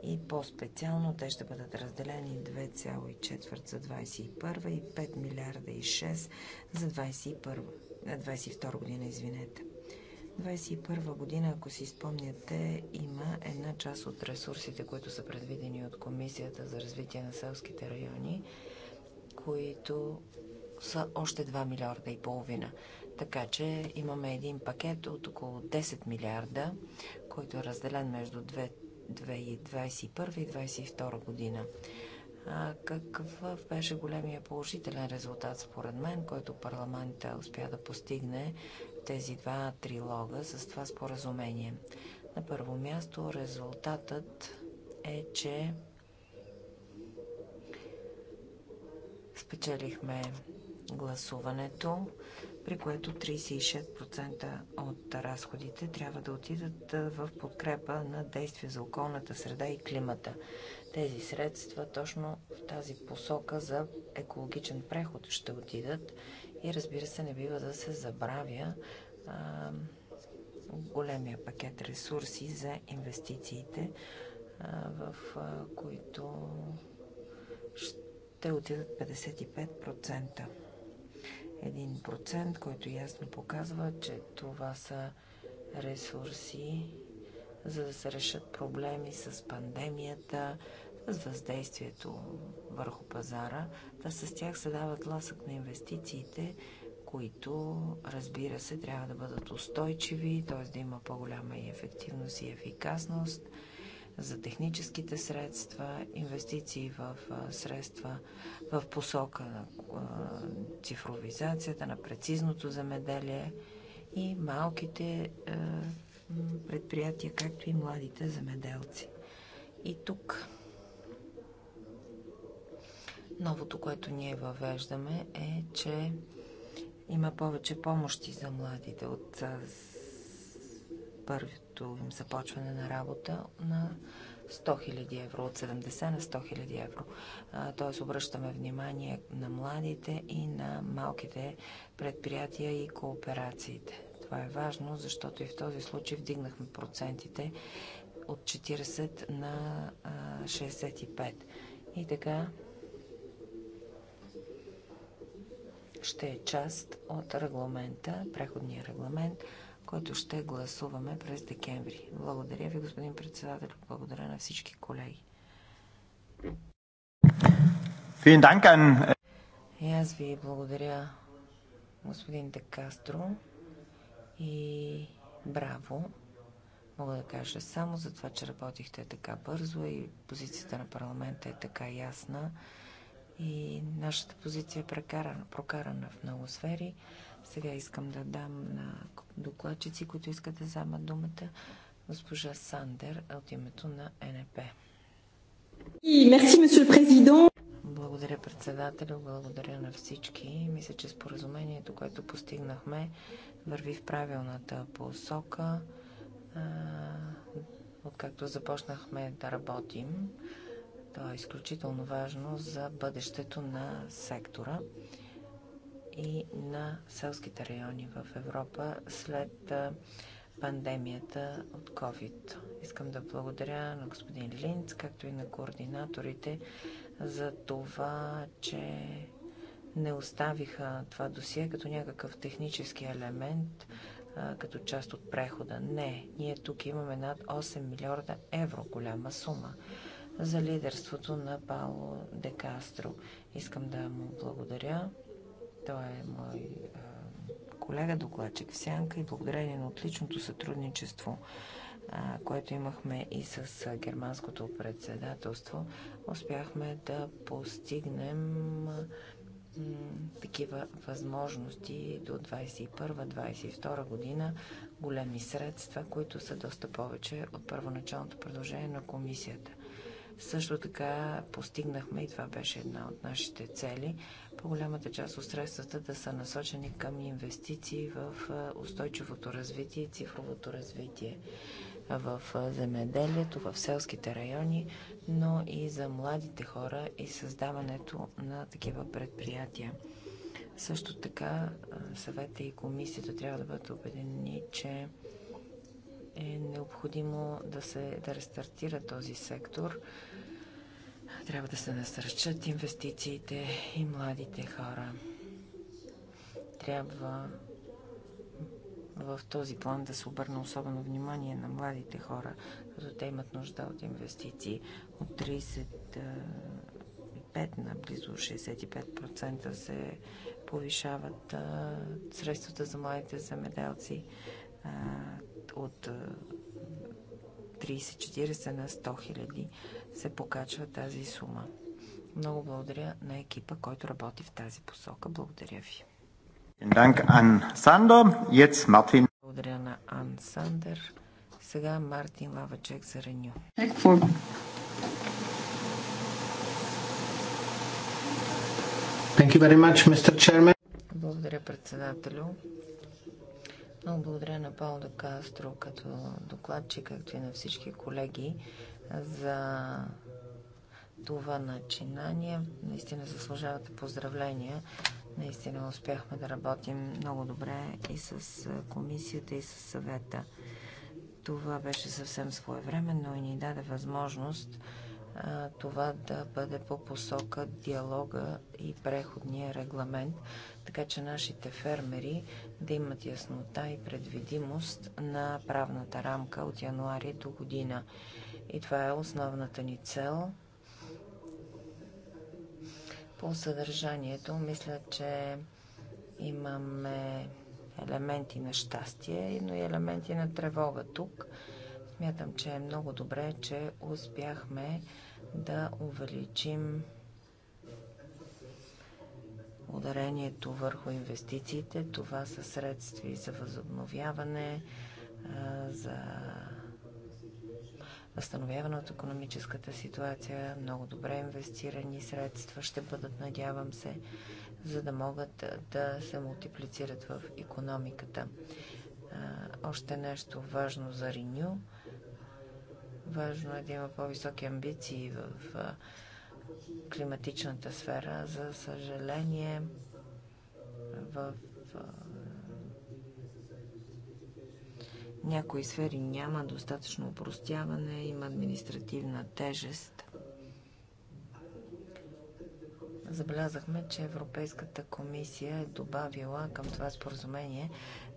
И по-специално те ще бъдат разделени 2,4 за 2021 и 5 милиарда и 6 за 2021, 22 е, година, извинете. 2021 година, ако си спомняте, има една част от ресурсите, които са предвидени от Комисията за развитие на селските райони, които са още 2 милиарда и половина. Така че имаме един пакет от около 10 милиарда, който е разделен между 2021 и 2022 година. А какъв беше големия положителен резултат според мен, който парламента успя да постигне тези два трилога с това споразумение? На първо място резултатът е, че спечелихме гласуването, при което 36% от разходите трябва да отидат в подкрепа на действия за околната среда и климата. Тези средства точно в тази посока за екологичен преход ще отидат и разбира се не бива да се забравя а, големия пакет ресурси за инвестициите, а, в а, които ще отидат 55%. 1%, който ясно показва, че това са ресурси, за да се решат проблеми с пандемията, с въздействието върху пазара, да с тях се дават ласък на инвестициите, които, разбира се, трябва да бъдат устойчиви, т.е. да има по-голяма и ефективност и ефикасност – за техническите средства, инвестиции в средства в посока на цифровизацията, на прецизното замеделие и малките предприятия, както и младите замеделци. И тук новото, което ние въвеждаме е, че има повече помощи за младите от първото им започване на работа на 100 000 евро, от 70 на 100 000 евро. Тоест обръщаме внимание на младите и на малките предприятия и кооперациите. Това е важно, защото и в този случай вдигнахме процентите от 40 на 65. И така ще е част от регламента, преходния регламент, който ще гласуваме през декември. Благодаря ви, господин председател. Благодаря на всички колеги. Äh, и аз ви благодаря, господин Декастро. И браво! Мога да кажа само за това, че работихте така бързо и позицията на парламента е така ясна. И нашата позиция е прокарана в много сфери. Сега искам да дам на докладчици, които искат да вземат думата, госпожа Сандер от името на НП. Благодаря председателю, благодаря на всички. Мисля, че споразумението, което постигнахме, върви в правилната посока. Откакто започнахме да работим, то е изключително важно за бъдещето на сектора и на селските райони в Европа след пандемията от COVID. Искам да благодаря на господин Линц, както и на координаторите за това, че не оставиха това досие като някакъв технически елемент, като част от прехода. Не, ние тук имаме над 8 милиарда евро, голяма сума, за лидерството на Пауло Де Кастро. Искам да му благодаря той е мой колега, докладчик в Сянка и благодарение на отличното сътрудничество, което имахме и с германското председателство, успяхме да постигнем такива възможности до 2021-2022 година, големи средства, които са доста повече от първоначалното предложение на комисията. Също така постигнахме, и това беше една от нашите цели, по-голямата част от средствата да са насочени към инвестиции в устойчивото развитие и цифровото развитие в земеделието, в селските райони, но и за младите хора и създаването на такива предприятия. Също така съвета и комисията трябва да бъдат убедени, че е необходимо да се да рестартира този сектор – трябва да се насърчат инвестициите и младите хора. Трябва в този план да се обърне особено внимание на младите хора, като те имат нужда от инвестиции. От 35 на близо 65% се повишават средствата за младите земеделци от 30-40 на 100 хиляди се покачва тази сума. Много благодаря на екипа, който работи в тази посока. Благодаря ви. Благодаря на Ан Сандер. Сега Мартин Лавачек за Реню. Благодаря, председателю. Много благодаря на Пол Кастро като докладчик, както и на всички колеги за това начинание. Наистина заслужавате поздравления. Наистина успяхме да работим много добре и с комисията, и с съвета. Това беше съвсем своевременно и ни даде възможност а, това да бъде по посока диалога и преходния регламент, така че нашите фермери да имат яснота и предвидимост на правната рамка от януари до година. И това е основната ни цел. По съдържанието, мисля, че имаме елементи на щастие, но и елементи на тревога тук. Смятам, че е много добре, че успяхме да увеличим ударението върху инвестициите. Това са средстви за възобновяване, за възстановяване от економическата ситуация, много добре инвестирани средства ще бъдат, надявам се, за да могат да се мултиплицират в економиката. Още нещо важно за Реню. Важно е да има по-високи амбиции в климатичната сфера. За съжаление, в някои сфери няма достатъчно упростяване, има административна тежест. Забелязахме, че Европейската комисия е добавила към това споразумение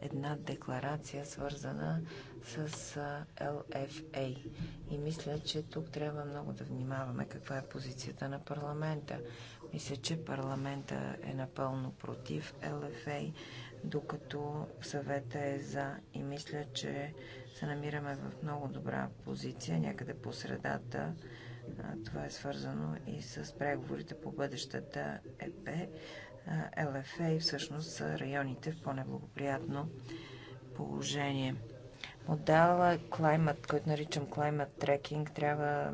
една декларация, свързана с LFA. И мисля, че тук трябва много да внимаваме каква е позицията на парламента. Мисля, че парламента е напълно против LFA, докато съвета е за. И мисля, че се намираме в много добра позиция, някъде по средата. Това е свързано и с преговорите по бъдещата ЕП. ЛФА и всъщност са районите в по-неблагоприятно положение. Модела Climate, който наричам Climate Tracking, трябва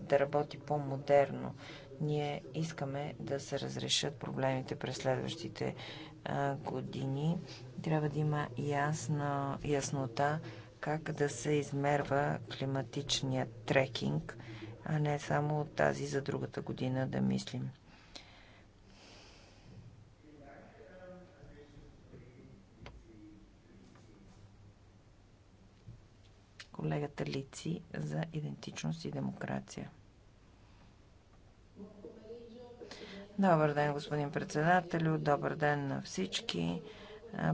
да работи по-модерно. Ние искаме да се разрешат проблемите през следващите а, години. Трябва да има ясна, яснота как да се измерва климатичният трекинг, а не само от тази за другата година да мислим. колегата Лици за идентичност и демокрация. Добър ден, господин председателю. Добър ден на всички.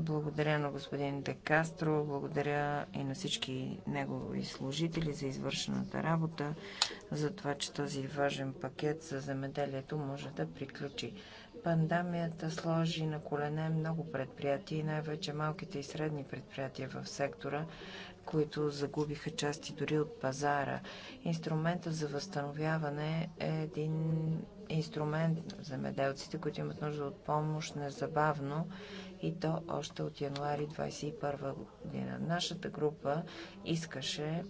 Благодаря на господин Декастро, благодаря и на всички негови служители за извършената работа, за това, че този важен пакет за земеделието може да приключи. Пандемията сложи на колене много предприятия и най-вече малките и средни предприятия в сектора, които загубиха части дори от пазара. Инструмента за възстановяване е един инструмент за меделците, които имат нужда от помощ незабавно и то още от януари 2021 година. Нашата група искаше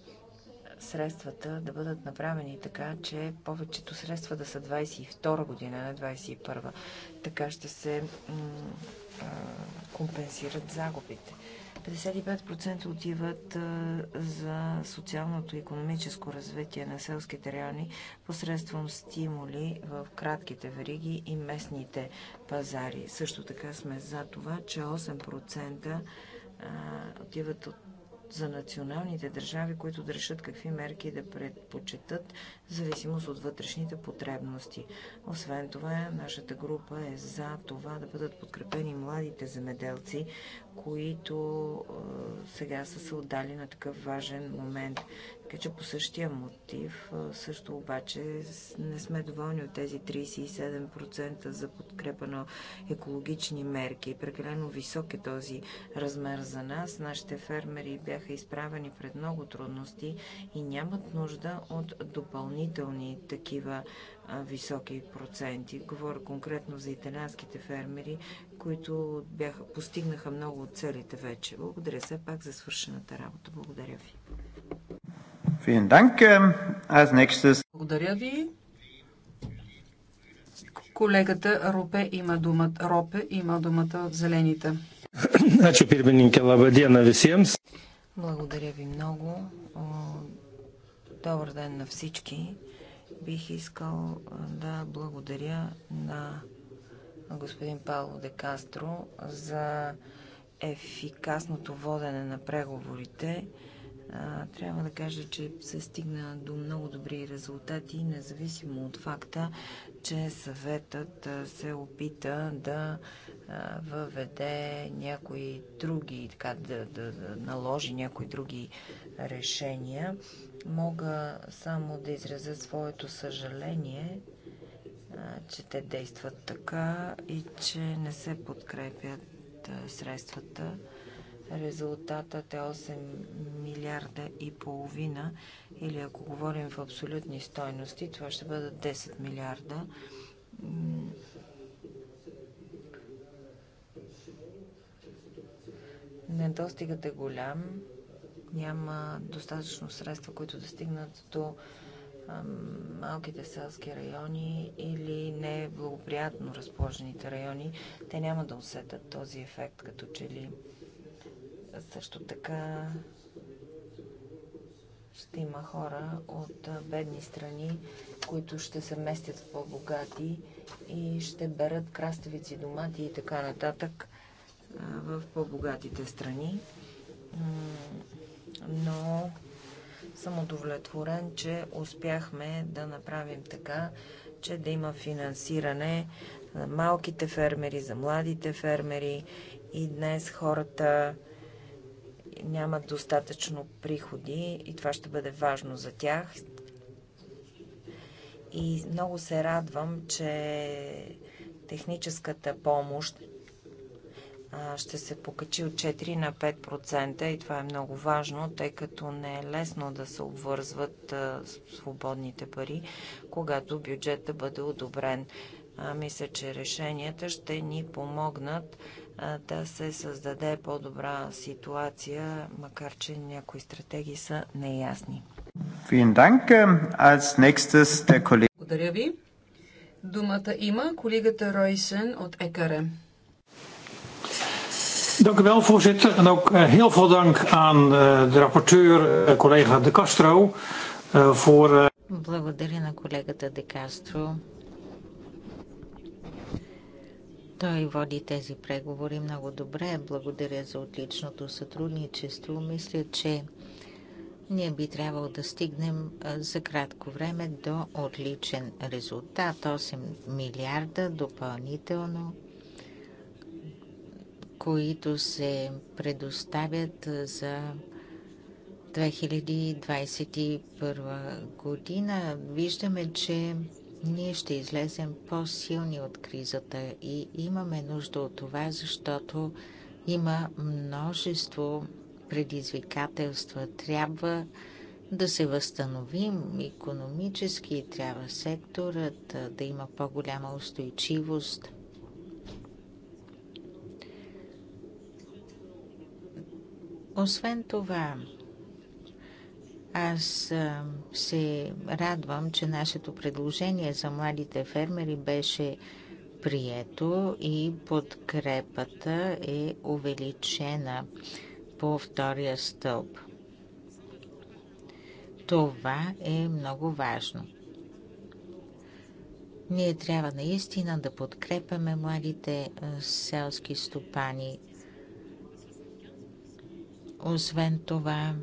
средствата да бъдат направени така, че повечето средства да са 22 година, не 21. Така ще се компенсират загубите. 55% отиват за социалното и економическо развитие на селските райони посредством стимули в кратките вериги и местните пазари. Също така сме за това, че 8% отиват от за националните държави, които да решат какви мерки да предпочитат, в зависимост от вътрешните потребности. Освен това, нашата група е за това да бъдат подкрепени младите земеделци, които сега са се отдали на такъв важен момент. Въпреки, че по същия мотив също обаче не сме доволни от тези 37% за подкрепа на екологични мерки. Прекалено висок е този размер за нас. Нашите фермери бяха изправени пред много трудности и нямат нужда от допълнителни такива високи проценти. Говоря конкретно за италянските фермери, които бяха, постигнаха много от целите вече. Благодаря все пак за свършената работа. Благодаря ви. Ähm, благодаря ви. Колегата Ропе има думата, Ропе има думата от зелените. Благодаря ви много. Добър ден на всички. Бих искал да благодаря на господин Павло де Кастро за ефикасното водене на преговорите трябва да кажа, че се стигна до много добри резултати, независимо от факта, че съветът се опита да въведе някои други, така да, да, да наложи някои други решения. Мога само да изразя своето съжаление, че те действат така и че не се подкрепят средствата Резултатът е 8 милиарда и половина или ако говорим в абсолютни стойности, това ще бъдат 10 милиарда. Недостигът е голям. Няма достатъчно средства, които да стигнат до малките селски райони или неблагоприятно разположените райони, те няма да усетят този ефект като че ли. Също така ще има хора от бедни страни, които ще се местят в по-богати и ще берат краставици, домати и така нататък в по-богатите страни. Но съм удовлетворен, че успяхме да направим така, че да има финансиране за малките фермери, за младите фермери и днес хората нямат достатъчно приходи и това ще бъде важно за тях. И много се радвам, че техническата помощ ще се покачи от 4 на 5% и това е много важно, тъй като не е лесно да се обвързват свободните пари, когато бюджета бъде одобрен. Мисля, че решенията ще ни помогнат да се създаде по-добра ситуация, макар че някои стратегии са неясни. Благодаря ви. Думата има колегата Ройсен от ЕКАРЕ. Dank u wel, voorzitter. En ook eh, heel veel dank aan eh, de rapporteur, eh, collega De Castro, voor. Благодаря на колегата Де Кастро Той води тези преговори много добре. Благодаря за отличното сътрудничество. Мисля, че ние би трябвало да стигнем за кратко време до отличен резултат. 8 милиарда допълнително, които се предоставят за 2021 година. Виждаме, че ние ще излезем по-силни от кризата и имаме нужда от това, защото има множество предизвикателства. Трябва да се възстановим економически, трябва секторът да има по-голяма устойчивост. Освен това, аз се радвам, че нашето предложение за младите фермери беше прието и подкрепата е увеличена по втория стълб. Това е много важно. Ние трябва наистина да подкрепяме младите селски стопани. Освен това,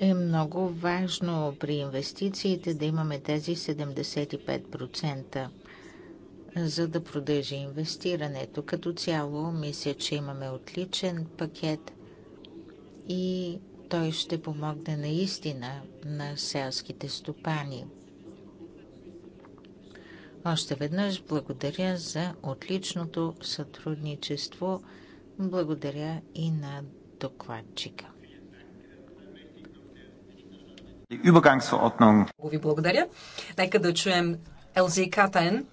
е много важно при инвестициите да имаме тези 75%, за да продължи инвестирането. Като цяло, мисля, че имаме отличен пакет и той ще помогне наистина на селските стопани. Още веднъж благодаря за отличното сътрудничество. Благодаря и на докладчика. Много ви благодаря. Нека да чуем Елзи Катаен,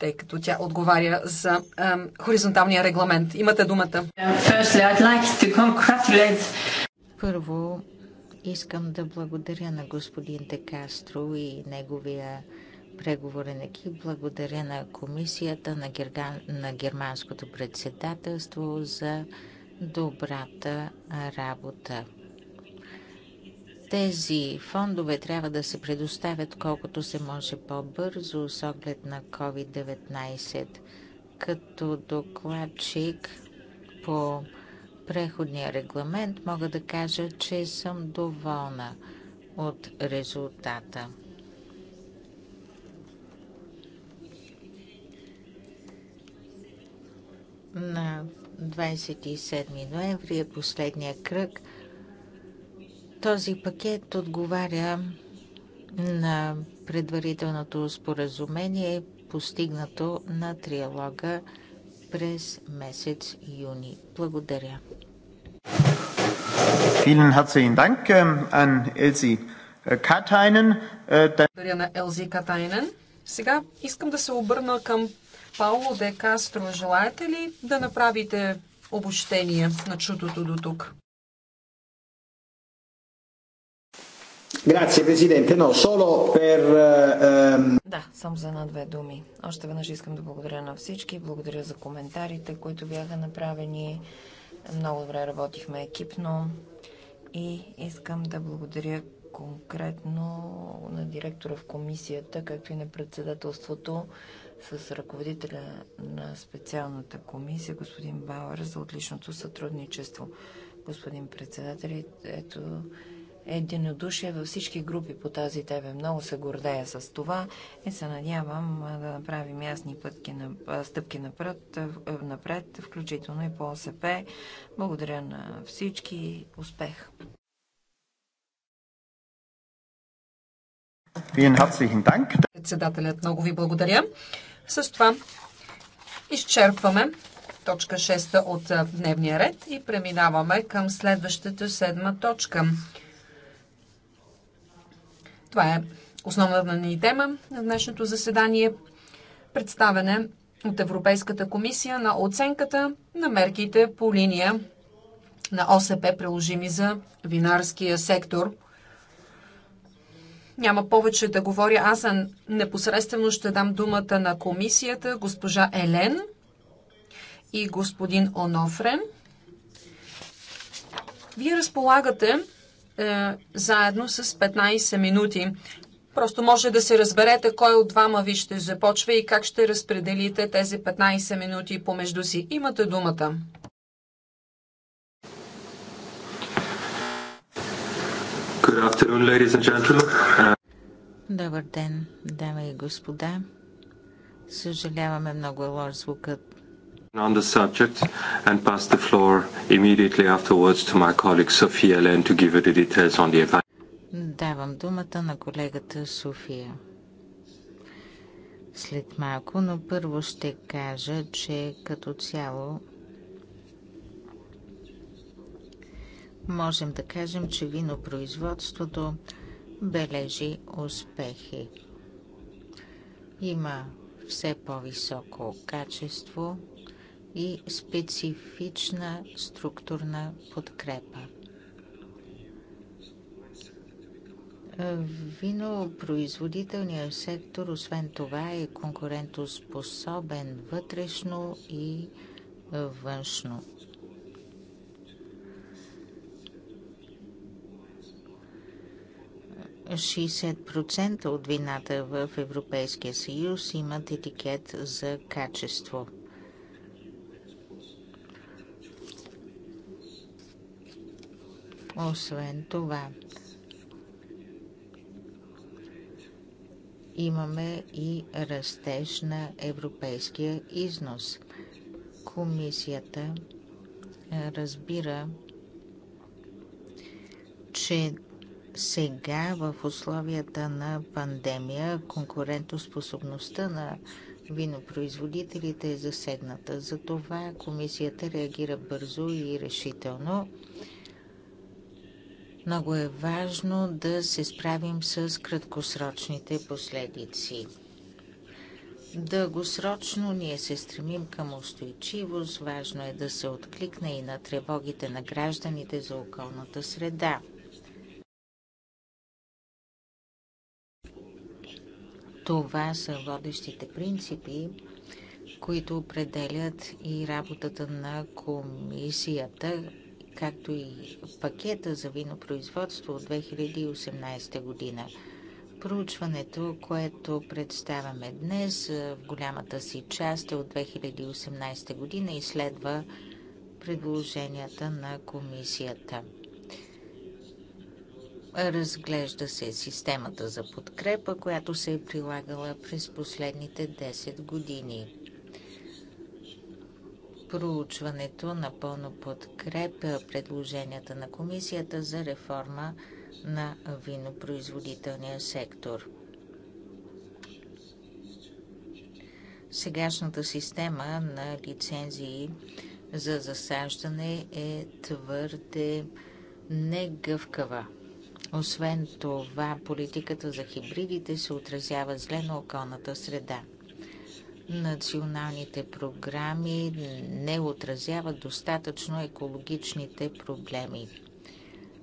тъй като тя отговаря за хоризонталния регламент. Имате думата. Първо, искам да благодаря на господин Декастро и неговия преговорен екип. Благодаря на комисията, на, Герган, на германското председателство за добрата работа. Тези фондове трябва да се предоставят колкото се може по-бързо с оглед на COVID-19. Като докладчик по преходния регламент мога да кажа, че съм доволна от резултата. На 27 ноември е последния кръг този пакет отговаря на предварителното споразумение, постигнато на триалога през месец юни. Благодаря. Благодаря на Елзи Катайнен. Сега искам да се обърна към Пауло де Кастро. Желаете ли да направите обобщение на чутото до тук? Грация, президенте, но соло пер... Да, само за една-две думи. Още веднъж искам да благодаря на всички. Благодаря за коментарите, които бяха направени. Много добре работихме екипно. И искам да благодаря конкретно на директора в комисията, както и на председателството с ръководителя на специалната комисия, господин Бауер, за отличното сътрудничество. Господин председател, ето единодушие във всички групи по тази тема. Много се гордея с това и се надявам да направим ясни пътки на, стъпки напред, напред, включително и по ОСП. Благодаря на всички. Успех! Председателят, много ви благодаря. С това изчерпваме точка 6 от дневния ред и преминаваме към следващата седма точка. Това е основната ни тема на днешното заседание. Представене от Европейската комисия на оценката на мерките по линия на ОСП, приложими за винарския сектор. Няма повече да говоря. Аз непосредствено ще дам думата на комисията госпожа Елен и господин Онофрен. Вие разполагате е, заедно с 15 минути. Просто може да се разберете кой от двама ви ще започва и как ще разпределите тези 15 минути помежду си. Имате думата. Good afternoon, ladies and gentlemen. Добър ден, дами и господа. Съжаляваме много е лош звукът on the subject and pass the floor immediately afterwards to my colleague Sophia Len to give you the details on the event. Давам думата на колегата София. След малко, но първо ще кажа, че като цяло можем да кажем, че винопроизводството бележи успехи. Има все по-високо качество и специфична структурна подкрепа. Винопроизводителният сектор, освен това, е конкурентоспособен вътрешно и външно. процента от вината в Европейския съюз имат етикет за качество – Освен това, имаме и растеж на европейския износ. Комисията е, разбира, че сега в условията на пандемия конкурентоспособността на винопроизводителите е засегната. Затова комисията реагира бързо и решително много е важно да се справим с краткосрочните последици. Дългосрочно ние се стремим към устойчивост. Важно е да се откликне и на тревогите на гражданите за околната среда. Това са водещите принципи, които определят и работата на комисията както и пакета за винопроизводство от 2018 година. Проучването, което представяме днес, е, в голямата си част е от 2018 година и следва предложенията на комисията. Разглежда се системата за подкрепа, която се е прилагала през последните 10 години. Проучването напълно подкрепя предложенията на Комисията за реформа на винопроизводителния сектор. Сегашната система на лицензии за засаждане е твърде негъвкава. Освен това, политиката за хибридите се отразява зле на околната среда националните програми не отразяват достатъчно екологичните проблеми.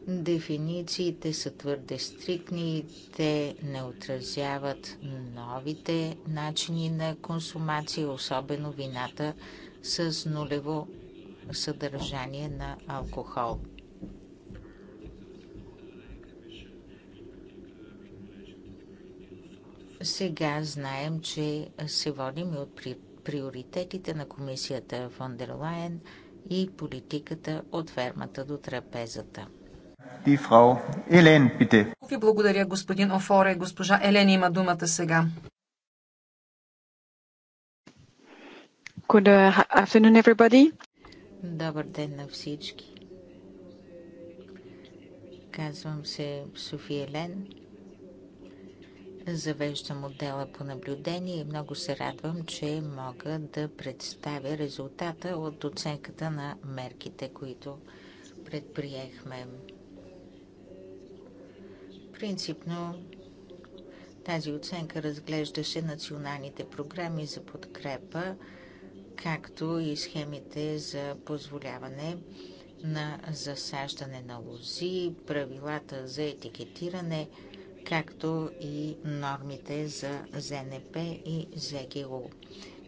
Дефинициите са твърде стрикни, те не отразяват новите начини на консумация, особено вината с нулево съдържание на алкохол. Сега знаем, че се водим и от приоритетите на комисията фон дер Лайен и политиката от фермата до трапезата. И фрау Елен, пите. Ви благодаря, господин Офоре. Госпожа Елен има думата сега. Good uh, afternoon, everybody. Добър ден на всички. Казвам се София Лен завеждам отдела по наблюдение и много се радвам, че мога да представя резултата от оценката на мерките, които предприехме. Принципно тази оценка разглеждаше националните програми за подкрепа, както и схемите за позволяване на засаждане на лози, правилата за етикетиране – както и нормите за ЗНП и ЗГО.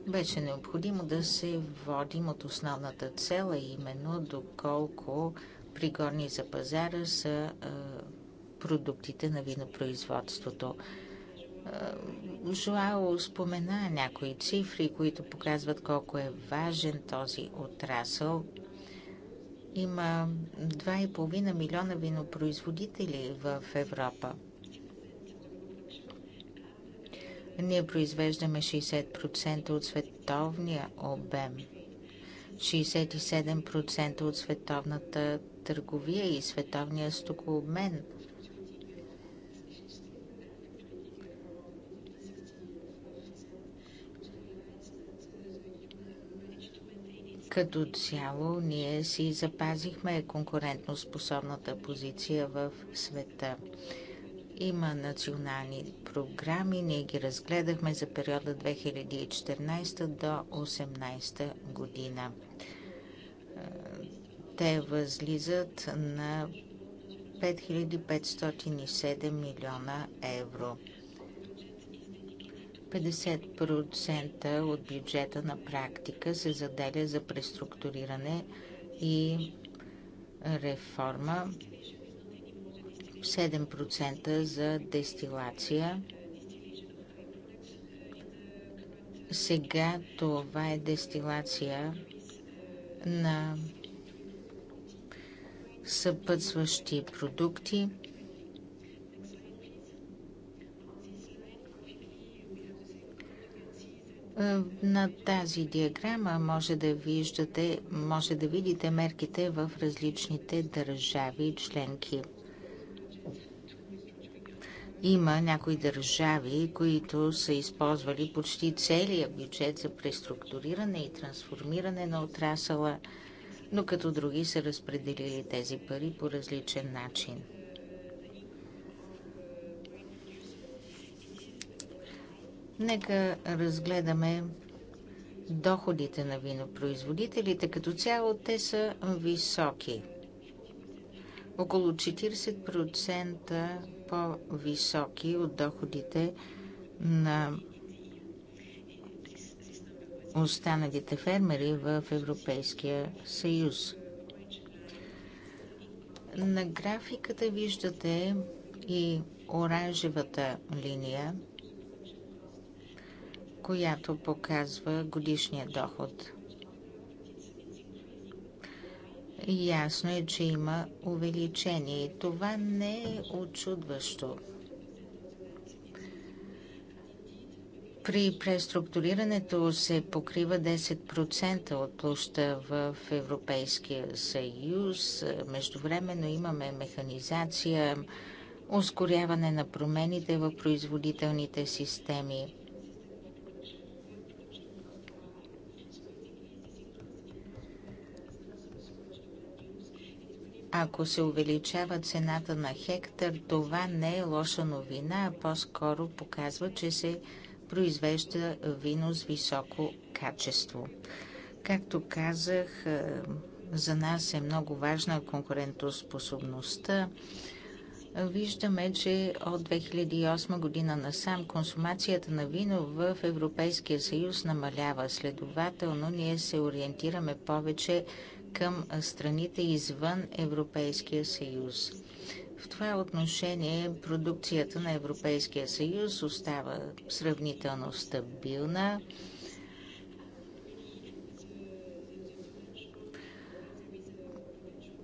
Беше необходимо да се водим от основната цел, а именно доколко пригодни за пазара са продуктите на винопроизводството. Жуао спомена някои цифри, които показват колко е важен този отрасъл. Има 2,5 милиона винопроизводители в Европа. Ние произвеждаме 60% от световния обем, 67% от световната търговия и световния стокообмен. Като цяло ние си запазихме конкурентно способната позиция в света. Има национални програми, ние ги разгледахме за периода 2014 до 2018 година. Е, те възлизат на 5507 милиона евро. 50% от бюджета на практика се заделя за преструктуриране и реформа 7% за дестилация. Сега това е дестилация на съпътстващи продукти. На тази диаграма може да, виждате, може да видите мерките в различните държави членки. Има някои държави, които са използвали почти целия бюджет за преструктуриране и трансформиране на отрасъла, но като други са разпределили тези пари по различен начин. Нека разгледаме доходите на винопроизводителите. Като цяло те са високи – около 40% по-високи от доходите на останалите фермери в Европейския съюз. На графиката виждате и оранжевата линия, която показва годишния доход – Ясно е, че има увеличение. Това не е очудващо. При преструктурирането се покрива 10% от площа в Европейския съюз. Междувременно имаме механизация, ускоряване на промените в производителните системи. Ако се увеличава цената на хектар, това не е лоша новина, а по-скоро показва, че се произвежда вино с високо качество. Както казах, е, за нас е много важна конкурентоспособността. Виждаме, че от 2008 година насам консумацията на вино в Европейския съюз намалява. Следователно, ние се ориентираме повече към страните извън Европейския съюз. В това отношение продукцията на Европейския съюз остава сравнително стабилна.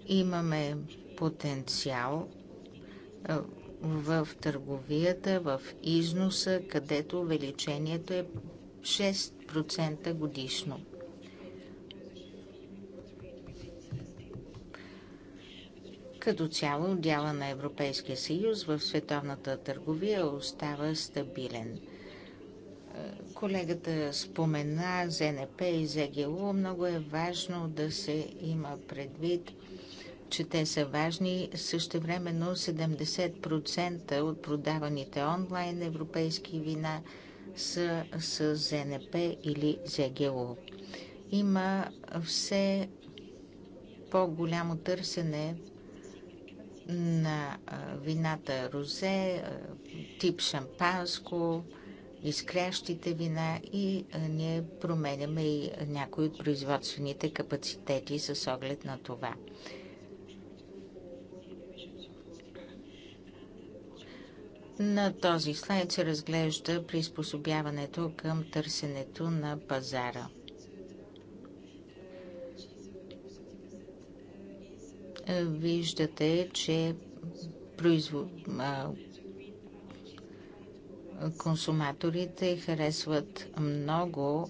Имаме потенциал в търговията, в износа, където увеличението е 6% годишно. Като цяло дяла на Европейския съюз в световната търговия остава стабилен. Е, колегата спомена ЗНП и ЗГУ. Много е важно да се има предвид, че те са важни. Същевременно 70% от продаваните онлайн европейски вина са с ЗНП или ЗГУ. Има все по-голямо търсене на вината розе, тип шампанско, изкрящите вина и ние променяме и някои от производствените капацитети с оглед на това. На този слайд се разглежда приспособяването към търсенето на пазара – Е, виждате, че консуматорите харесват много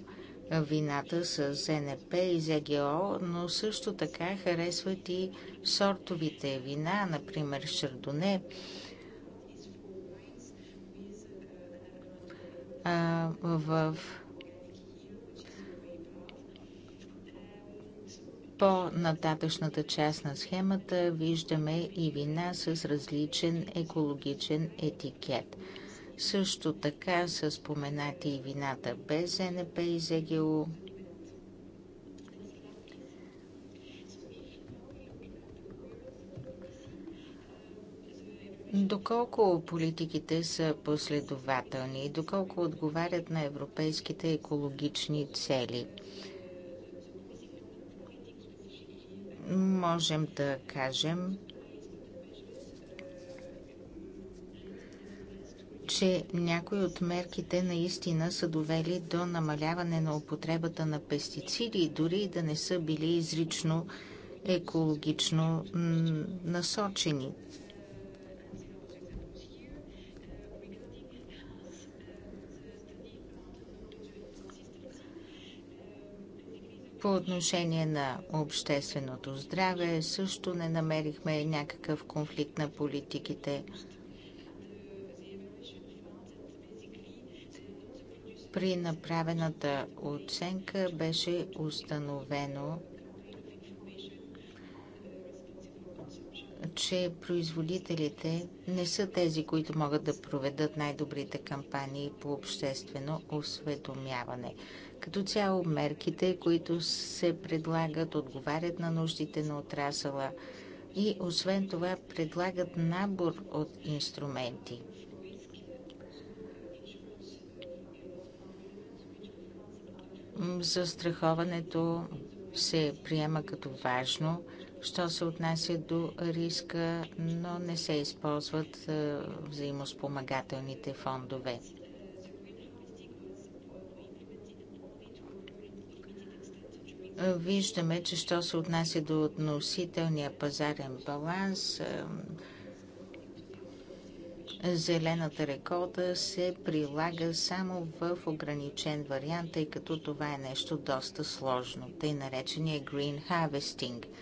вината с НП и ЗГО, но също така харесват и сортовите вина, например Шардоне. в по-нататъчната част на схемата виждаме и вина с различен екологичен етикет. Също така са споменати и вината без НП и ЗГУ. Доколко политиките са последователни и доколко отговарят на европейските екологични цели – можем да кажем, че някои от мерките наистина са довели до намаляване на употребата на пестициди, дори и да не са били изрично екологично насочени. По отношение на общественото здраве също не намерихме някакъв конфликт на политиките. При направената оценка беше установено, че производителите не са тези, които могат да проведат най-добрите кампании по обществено осведомяване. Като цяло мерките, които се предлагат, отговарят на нуждите на отрасъла и освен това предлагат набор от инструменти. Застраховането се приема като важно – що се отнася до риска, но не се използват е, взаимоспомагателните фондове. Виждаме, че що се отнася до относителния пазарен баланс, е, зелената реколта се прилага само в ограничен вариант, тъй като това е нещо доста сложно, тъй наречения green harvesting –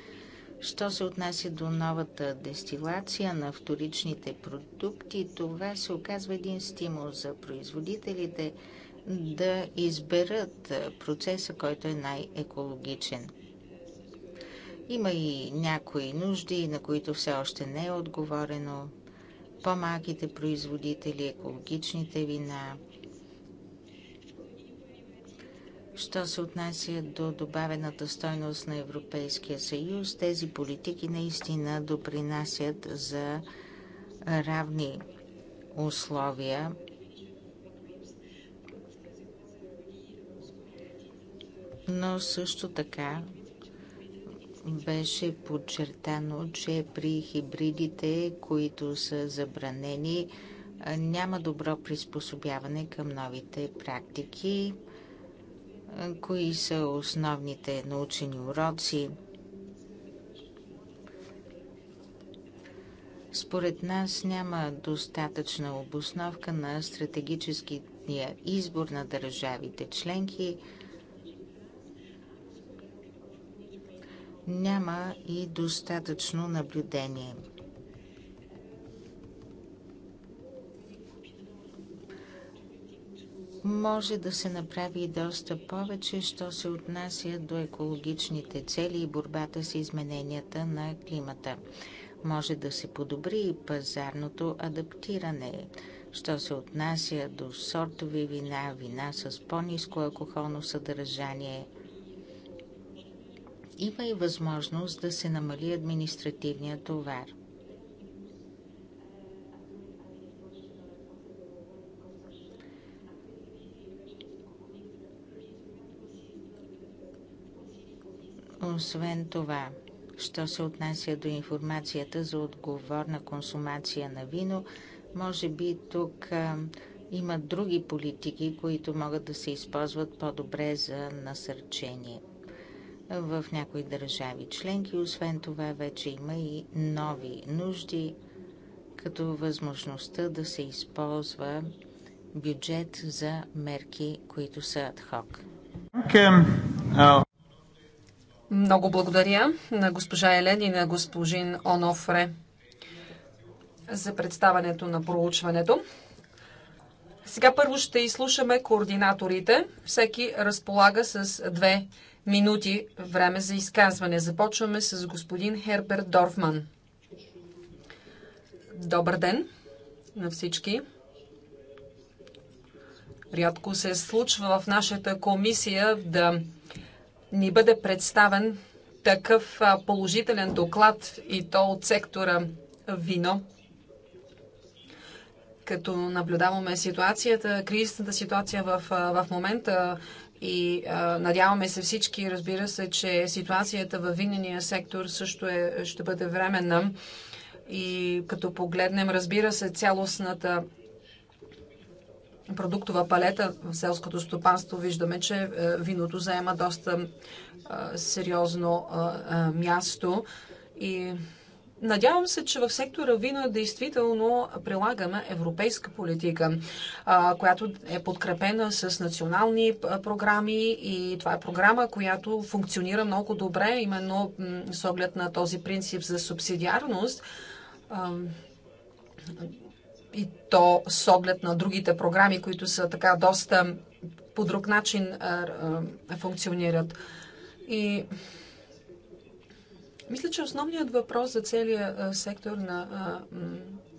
Що се отнася до новата дестилация на вторичните продукти, това се оказва един стимул за производителите да изберат процеса, който е най-екологичен. Има и някои нужди, на които все още не е отговорено. По-малките производители, екологичните вина – Що се отнася до добавената стойност на Европейския съюз, тези политики наистина допринасят за равни условия но също така беше подчертано, че при хибридите, които са забранени, няма добро приспособяване към новите практики кои са основните научени уроци. Според нас няма достатъчна обосновка на стратегическия избор на държавите членки. Няма и достатъчно наблюдение. Може да се направи и доста повече, що се отнася до екологичните цели и борбата с измененията на климата. Може да се подобри и пазарното адаптиране. Що се отнася до сортови вина, вина с по-низко алкохолно съдържание, има и възможност да се намали административния товар. Освен това, що се отнася до информацията за отговорна консумация на вино, може би тук а, има други политики, които могат да се използват по-добре за насърчение в някои държави членки. Освен това, вече има и нови нужди, като възможността да се използва бюджет за мерки, които са адхок. Okay. Много благодаря на госпожа Елен и на госпожин Онофре за представането на проучването. Сега първо ще изслушаме координаторите. Всеки разполага с две минути време за изказване. Започваме с господин Херберт Дорфман. Добър ден на всички! Рядко се случва в нашата комисия да ни бъде представен такъв положителен доклад и то от сектора вино, като наблюдаваме ситуацията, кризисната ситуация в, в момента и а, надяваме се всички, разбира се, че ситуацията във винения сектор също е, ще бъде временна. И като погледнем, разбира се, цялостната продуктова палета в селското стопанство виждаме, че е, виното заема доста е, сериозно е, място и Надявам се, че в сектора вино действително прилагаме европейска политика, която е подкрепена с национални програми и това е програма, която функционира много добре, именно с оглед на този принцип за субсидиарност и то с оглед на другите програми, които са така доста по друг начин функционират. И мисля, че основният въпрос за целия сектор на,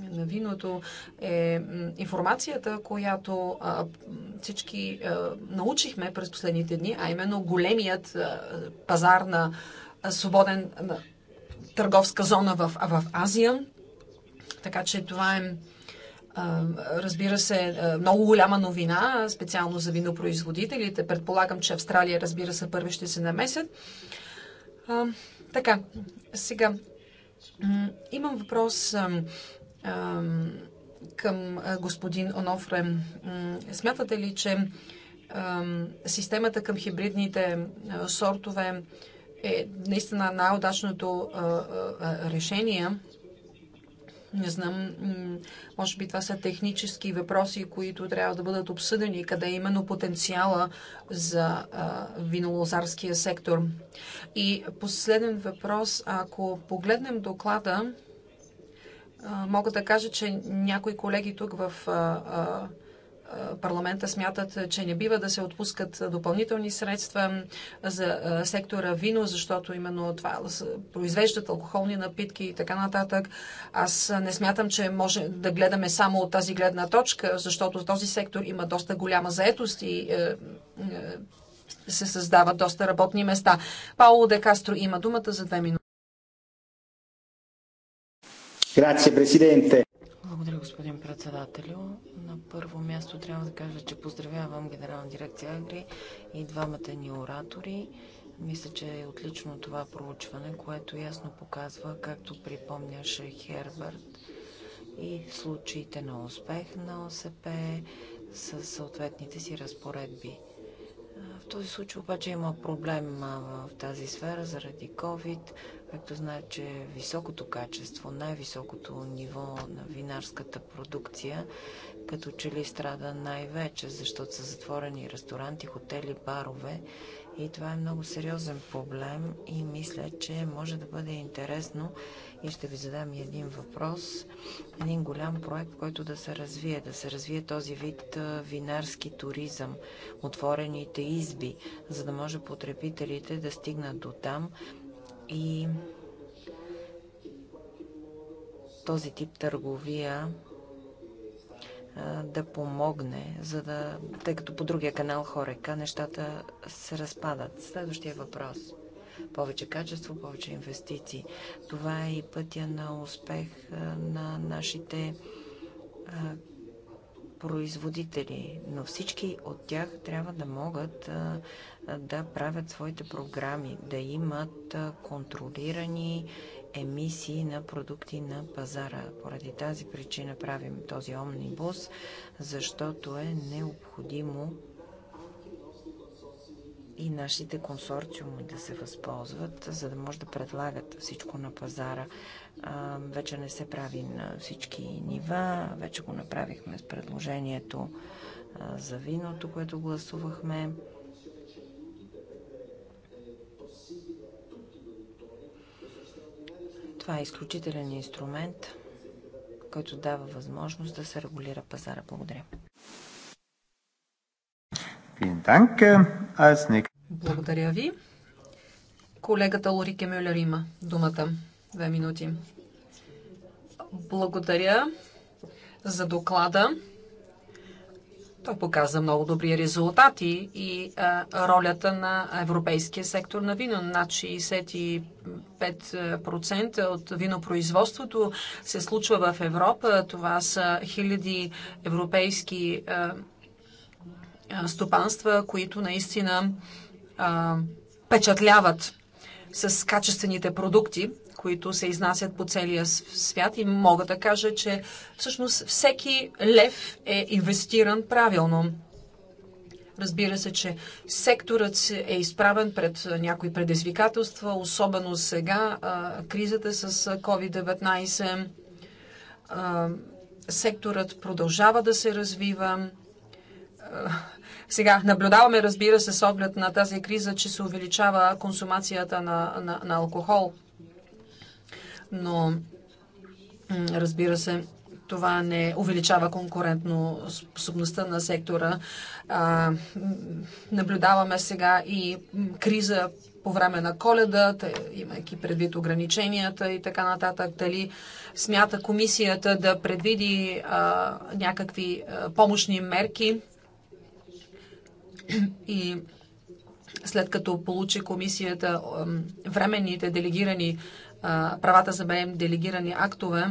на виното е информацията, която всички научихме през последните дни, а именно големият пазар на свободен търговска зона в, в Азия. Така че това е Разбира се, много голяма новина, специално за винопроизводителите. Предполагам, че Австралия, разбира се, първи ще се намесят. Така, сега имам въпрос към господин Онофрем. Смятате ли, че системата към хибридните сортове е наистина най-удачното решение? Не знам, може би това са технически въпроси, които трябва да бъдат обсъдени, къде е именно потенциала за винолозарския сектор. И последен въпрос, ако погледнем доклада, мога да кажа, че някои колеги тук в парламента смятат, че не бива да се отпускат допълнителни средства за сектора вино, защото именно това произвеждат алкохолни напитки и така нататък. Аз не смятам, че може да гледаме само от тази гледна точка, защото този сектор има доста голяма заетост и се създават доста работни места. Пауло Де Кастро има думата за две минути. Grazie Presidente. Благодаря, господин председателю. На първо място трябва да кажа, че поздравявам Генерална дирекция Агри и двамата ни оратори. Мисля, че е отлично това проучване, което ясно показва, както припомняше Херберт, и случаите на успех на ОСП с съответните си разпоредби. В този случай обаче има проблем в тази сфера заради COVID. Както че високото качество, най-високото ниво на винарската продукция, като че ли страда най-вече, защото са затворени ресторанти, хотели, барове. И това е много сериозен проблем и мисля, че може да бъде интересно и ще ви задам и един въпрос. Един голям проект, който да се развие, да се развие този вид винарски туризъм, отворените изби, за да може потребителите да стигнат до там, и този тип търговия да помогне, за да, тъй като по другия канал Хорека нещата се разпадат. Следващия въпрос. Повече качество, повече инвестиции. Това е и пътя на успех на нашите производители, но всички от тях трябва да могат да правят своите програми, да имат контролирани емисии на продукти на пазара. Поради тази причина правим този омнибус, защото е необходимо и нашите консорциуми да се възползват, за да може да предлагат всичко на пазара. вече не се прави на всички нива, вече го направихме с предложението за виното, което гласувахме. Това е изключителен инструмент, който дава възможност да се регулира пазара. Благодаря. Благодаря ви. Колегата Лорике Мюллер има думата. Две минути. Благодаря за доклада. Той показа много добри резултати и а, ролята на европейския сектор на вино. Над 65% от винопроизводството се случва в Европа. Това са хиляди европейски а, стопанства, които наистина а, впечатляват с качествените продукти, които се изнасят по целия свят. И мога да кажа, че всъщност всеки лев е инвестиран правилно. Разбира се, че секторът е изправен пред някои предизвикателства, особено сега кризата с COVID-19. Секторът продължава да се развива. Сега наблюдаваме, разбира се, с оглед на тази криза, че се увеличава консумацията на, на, на алкохол. Но, разбира се, това не увеличава конкурентно способността на сектора. А, наблюдаваме сега и криза по време на коледа, имайки предвид ограниченията и така нататък, дали смята комисията да предвиди а, някакви а, помощни мерки и след като получи комисията временните делегирани правата за бреем делегирани актове,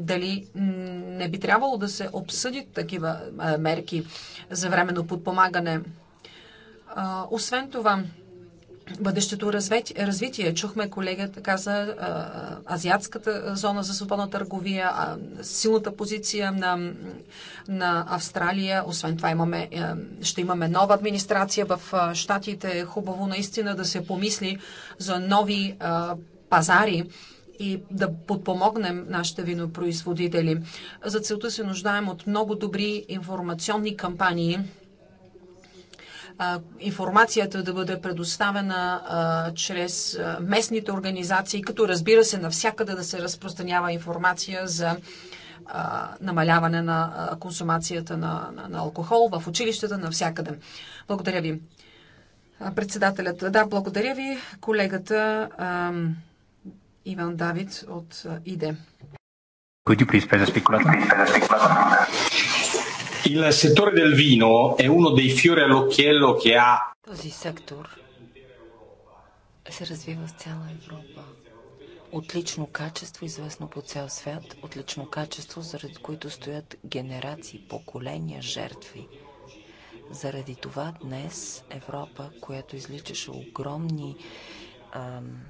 дали не би трябвало да се обсъдят такива мерки за временно подпомагане. Освен това, бъдещето развитие. Чухме колегата каза азиатската зона за свободна търговия, силната позиция на, на Австралия. Освен това имаме, ще имаме нова администрация в Штатите. хубаво наистина да се помисли за нови пазари и да подпомогнем нашите винопроизводители. За целта се нуждаем от много добри информационни кампании, информацията да бъде предоставена чрез местните организации, като разбира се навсякъде да се разпространява информация за намаляване на консумацията на, на, на алкохол в училищата навсякъде. Благодаря ви. Председателят, да, благодаря ви. Колегата Иван Давид от ИДЕ. Could you please press the button? Il settore del vino è uno dei fiori all'occhiello che ha. Този сектор се развива в цяла Европа. Отлично качество, известно по цял свят, отлично качество, заради които стоят генерации, поколения жертви. Заради това днес Европа, която изличаше огромни ам,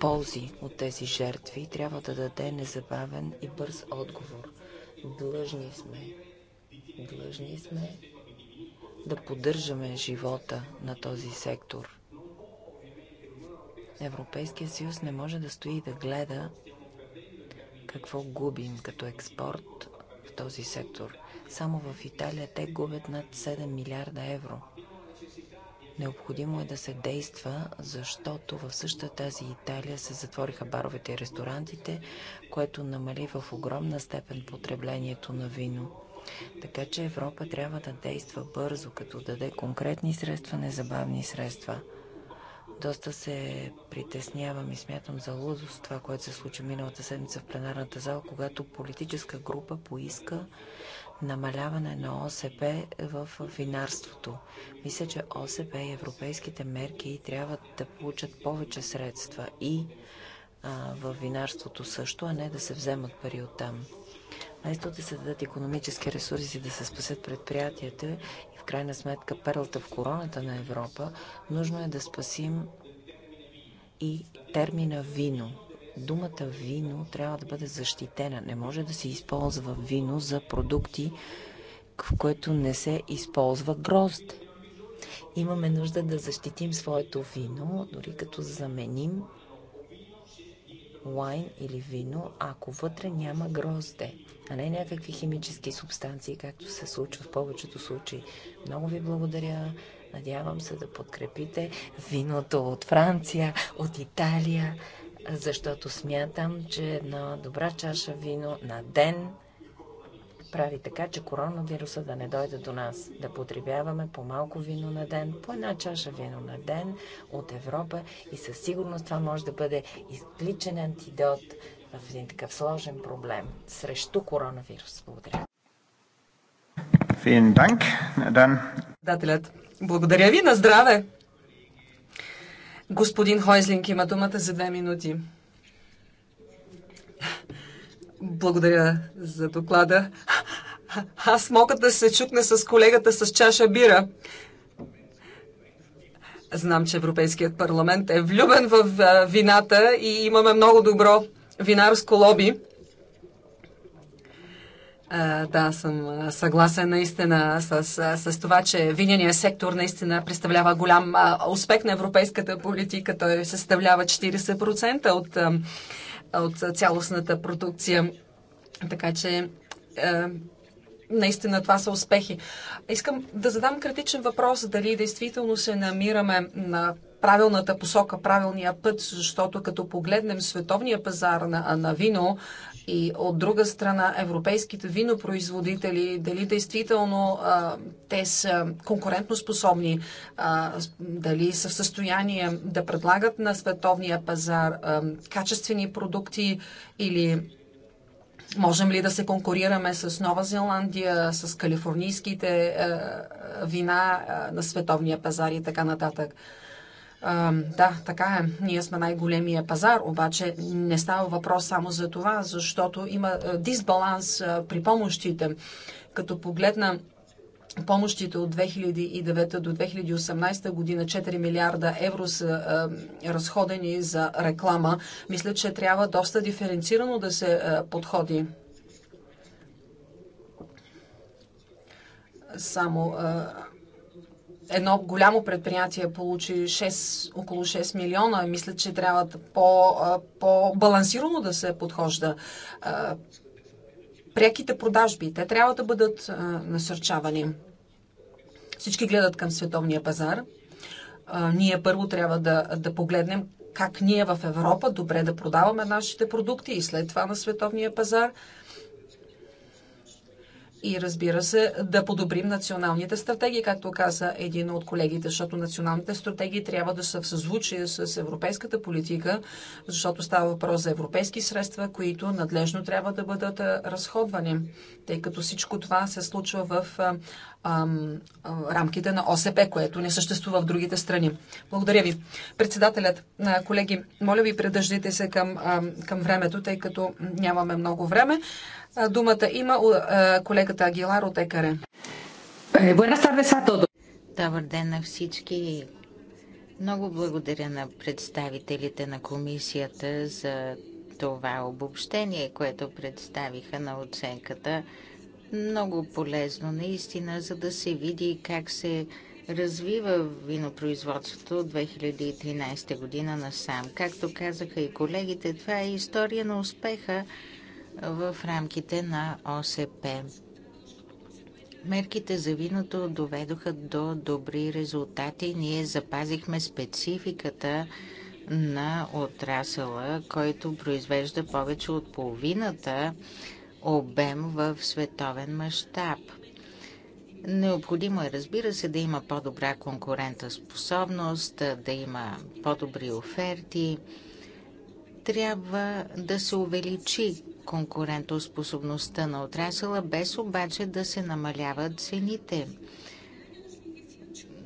ползи от тези жертви, трябва да даде незабавен и бърз отговор. Длъжни сме Длъжни сме да поддържаме живота на този сектор. Европейския съюз не може да стои и да гледа какво губим като експорт в този сектор. Само в Италия те губят над 7 милиарда евро. Необходимо е да се действа, защото в същата тази Италия се затвориха баровете и ресторантите, което намали в огромна степен потреблението на вино. Така че Европа трябва да действа бързо, като даде конкретни средства, незабавни средства. Доста се притеснявам и смятам за лудост това, което се случи миналата седмица в пленарната зала, когато политическа група поиска намаляване на ОСП в винарството. Мисля, че ОСП и европейските мерки трябва да получат повече средства и в винарството също, а не да се вземат пари от там вместо да се дадат икономически ресурси да се спасят предприятията и в крайна сметка перлата в короната на Европа, нужно е да спасим и термина вино. Думата вино трябва да бъде защитена. Не може да се използва вино за продукти, в което не се използва грозд. Имаме нужда да защитим своето вино, дори като заменим лайн или вино, ако вътре няма грозде, а не някакви химически субстанции, както се случва в повечето случаи. Много ви благодаря. Надявам се да подкрепите виното от Франция, от Италия, защото смятам, че една добра чаша вино на ден – прави така, че коронавируса да не дойде до нас. Да потребяваме по малко вино на ден, по една чаша вино на ден от Европа и със сигурност това може да бъде изличен антидот в един такъв сложен проблем срещу коронавирус. Благодаря. Дателят, благодаря ви на здраве. Господин Хойзлинг има думата за две минути. Благодаря за доклада. Аз мога да се чукне с колегата с чаша бира. Знам, че Европейският парламент е влюбен в вината и имаме много добро винарско лоби. да, съм съгласен наистина с, с, с това, че виняния сектор наистина представлява голям успех на европейската политика. Той съставлява 40% от от цялостната продукция. Така че е, наистина това са успехи. Искам да задам критичен въпрос дали действително се намираме на правилната посока, правилния път, защото като погледнем световния пазар на, на вино, и от друга страна европейските винопроизводители, дали действително а, те са конкурентоспособни, а, дали са в състояние да предлагат на световния пазар а, качествени продукти или можем ли да се конкурираме с Нова Зеландия, с калифорнийските а, вина а, на световния пазар и така нататък. Да, така е. Ние сме най-големия пазар, обаче не става въпрос само за това, защото има дисбаланс при помощите. Като погледна помощите от 2009 до 2018 година 4 милиарда евро са е, разходени за реклама. Мисля, че трябва доста диференцирано да се е, подходи. Само е, едно голямо предприятие получи 6, около 6 милиона, мисля, че трябва по, по-балансирано да се подхожда. Преките продажби, те трябва да бъдат насърчавани. Всички гледат към световния пазар. Ние първо трябва да, да погледнем как ние в Европа добре да продаваме нашите продукти и след това на световния пазар – и разбира се да подобрим националните стратегии, както каза един от колегите, защото националните стратегии трябва да са в съзвучие с европейската политика, защото става въпрос за европейски средства, които надлежно трябва да бъдат разходвани, тъй като всичко това се случва в рамките на ОСП, което не съществува в другите страни. Благодаря ви. Председателят, колеги, моля ви, придържите се към, към времето, тъй като нямаме много време. Думата има колегата Агилар от ЕКАРЕ. Е, Добър ден на всички. Много благодаря на представителите на комисията за това обобщение, което представиха на оценката. Много полезно наистина, за да се види как се развива винопроизводството от 2013 година насам. Както казаха и колегите, това е история на успеха в рамките на ОСП. Мерките за виното доведоха до добри резултати. Ние запазихме спецификата на отрасъла, който произвежда повече от половината обем в световен мащаб. Необходимо е, разбира се, да има по-добра конкурента способност, да има по-добри оферти. Трябва да се увеличи конкурентоспособността на отрасъла, без обаче да се намаляват цените.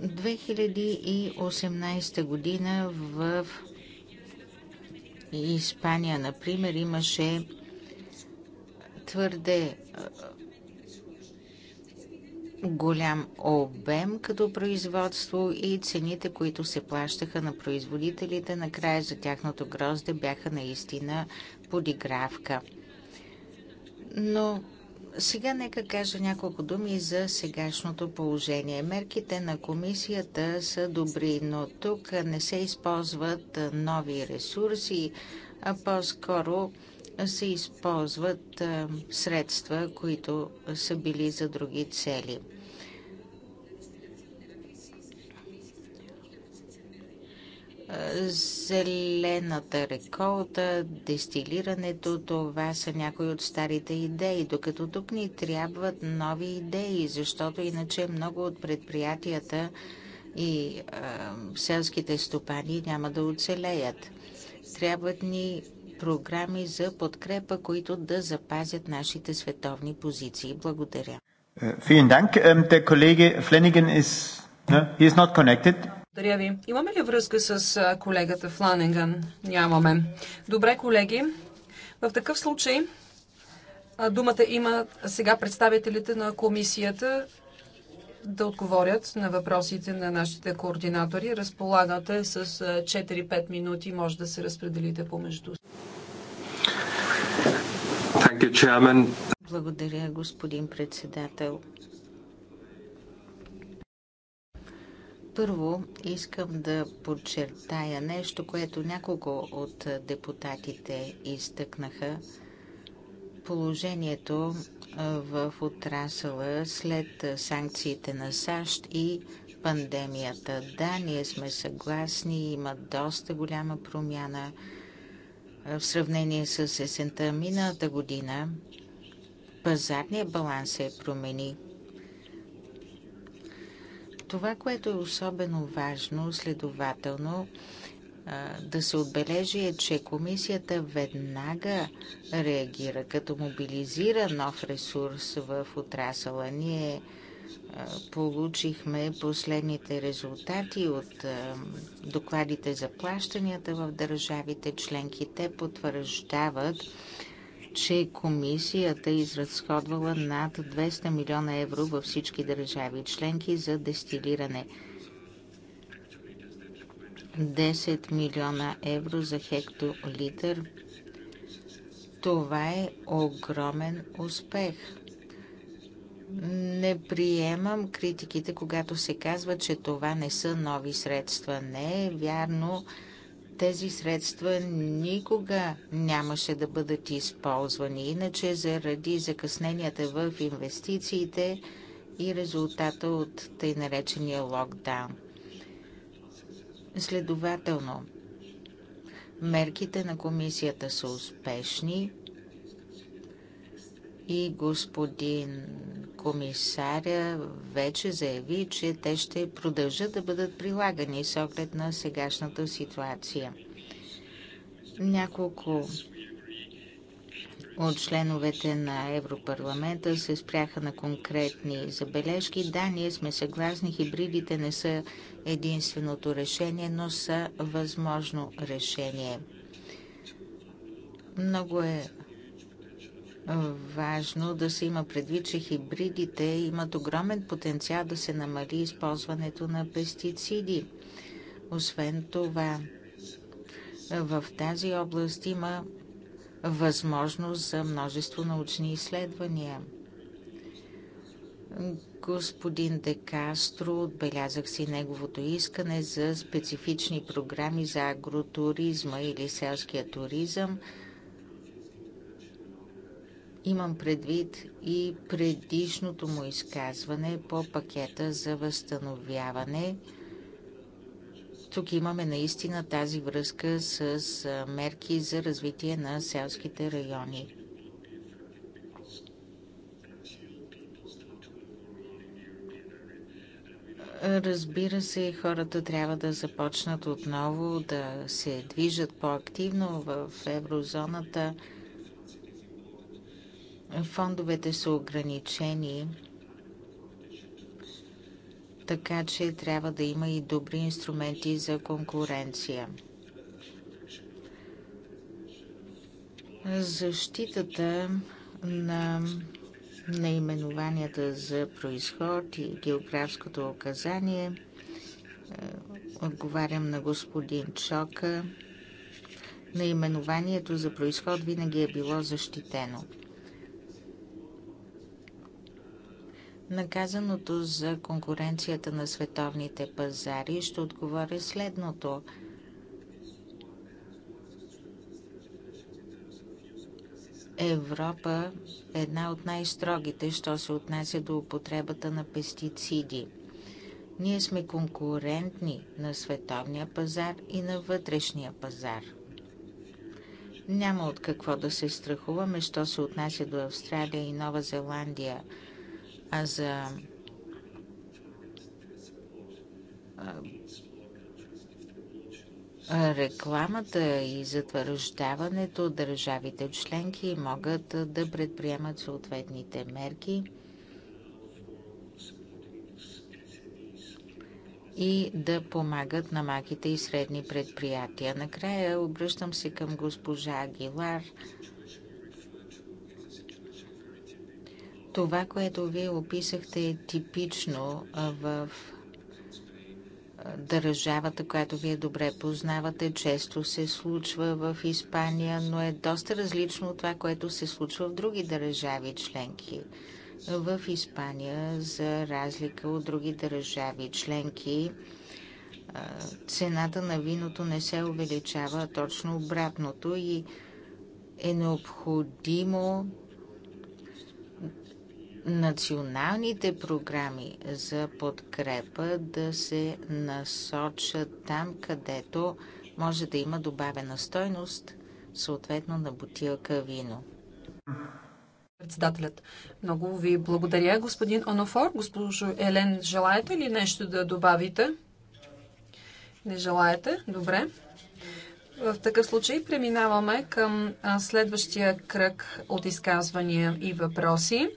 2018 година в Испания, например, имаше твърде голям обем като производство и цените, които се плащаха на производителите, накрая за тяхното грозде бяха наистина подигравка. Но сега нека кажа няколко думи за сегашното положение. Мерките на комисията са добри, но тук не се използват нови ресурси, а по-скоро се използват средства, които са били за други цели. Зелената реколта, дестилирането, това са някои от старите идеи, докато тук ни трябват нови идеи, защото иначе много от предприятията и а, селските стопани няма да оцелеят. Трябват ни програми за подкрепа, които да запазят нашите световни позиции. Благодаря. Е, vielen Dank. Der Kollege Flanagan is not connected. Благодаря ви. Имаме ли връзка с колегата Фланинган? Нямаме. Добре, колеги. В такъв случай думата има сега представителите на комисията да отговорят на въпросите на нашите координатори. Разполагате с 4-5 минути, може да се разпределите помежду. Благодаря, господин председател. Първо искам да подчертая нещо, което няколко от депутатите изтъкнаха. Положението в отрасъла след санкциите на САЩ и пандемията. Да, ние сме съгласни, има доста голяма промяна в сравнение с есента миналата година. Пазарният баланс се промени това, което е особено важно, следователно, да се отбележи е, че комисията веднага реагира, като мобилизира нов ресурс в отрасъла. Ние получихме последните резултати от докладите за плащанията в държавите членки. Те потвърждават, че комисията е изразходвала над 200 милиона евро във всички държави членки за дестилиране. 10 милиона евро за хектолитър. Това е огромен успех. Не приемам критиките, когато се казва, че това не са нови средства. Не е вярно, тези средства никога нямаше да бъдат използвани, иначе заради закъсненията в инвестициите и резултата от тъй наречения локдаун. Следователно, мерките на комисията са успешни и господин комисаря вече заяви, че те ще продължат да бъдат прилагани с оглед на сегашната ситуация. Няколко от членовете на Европарламента се спряха на конкретни забележки. Да, ние сме съгласни, хибридите не са единственото решение, но са възможно решение. Много е важно да се има предвид, че хибридите имат огромен потенциал да се намали използването на пестициди. Освен това, в тази област има възможност за множество научни изследвания. Господин Де Кастро, отбелязах си неговото искане за специфични програми за агротуризма или селския туризъм – Имам предвид и предишното му изказване по пакета за възстановяване. Тук имаме наистина тази връзка с мерки за развитие на селските райони. Разбира се, хората трябва да започнат отново да се движат по-активно в еврозоната. Фондовете са ограничени, така че трябва да има и добри инструменти за конкуренция. Защитата на наименованията за происход и географското оказание. Е, отговарям на господин Чока. Наименованието за происход винаги е било защитено. Наказаното за конкуренцията на световните пазари ще отговоря следното. Европа е една от най-строгите, що се отнася до употребата на пестициди. Ние сме конкурентни на световния пазар и на вътрешния пазар. Няма от какво да се страхуваме, що се отнася до Австралия и Нова Зеландия – за рекламата и затвърждаването, държавите членки могат да предприемат съответните мерки и да помагат на малките и средни предприятия. Накрая обръщам се към госпожа Агилар. Това, което вие описахте е типично в държавата, която вие добре познавате, често се случва в Испания, но е доста различно от това, което се случва в други държави членки. В Испания, за разлика от други държави членки, цената на виното не се увеличава, точно обратното и е необходимо националните програми за подкрепа да се насочат там, където може да има добавена стойност, съответно на бутилка вино. Председателят, много ви благодаря. Господин Онофор, госпожо Елен, желаете ли нещо да добавите? Не желаете? Добре. В такъв случай преминаваме към следващия кръг от изказвания и въпроси.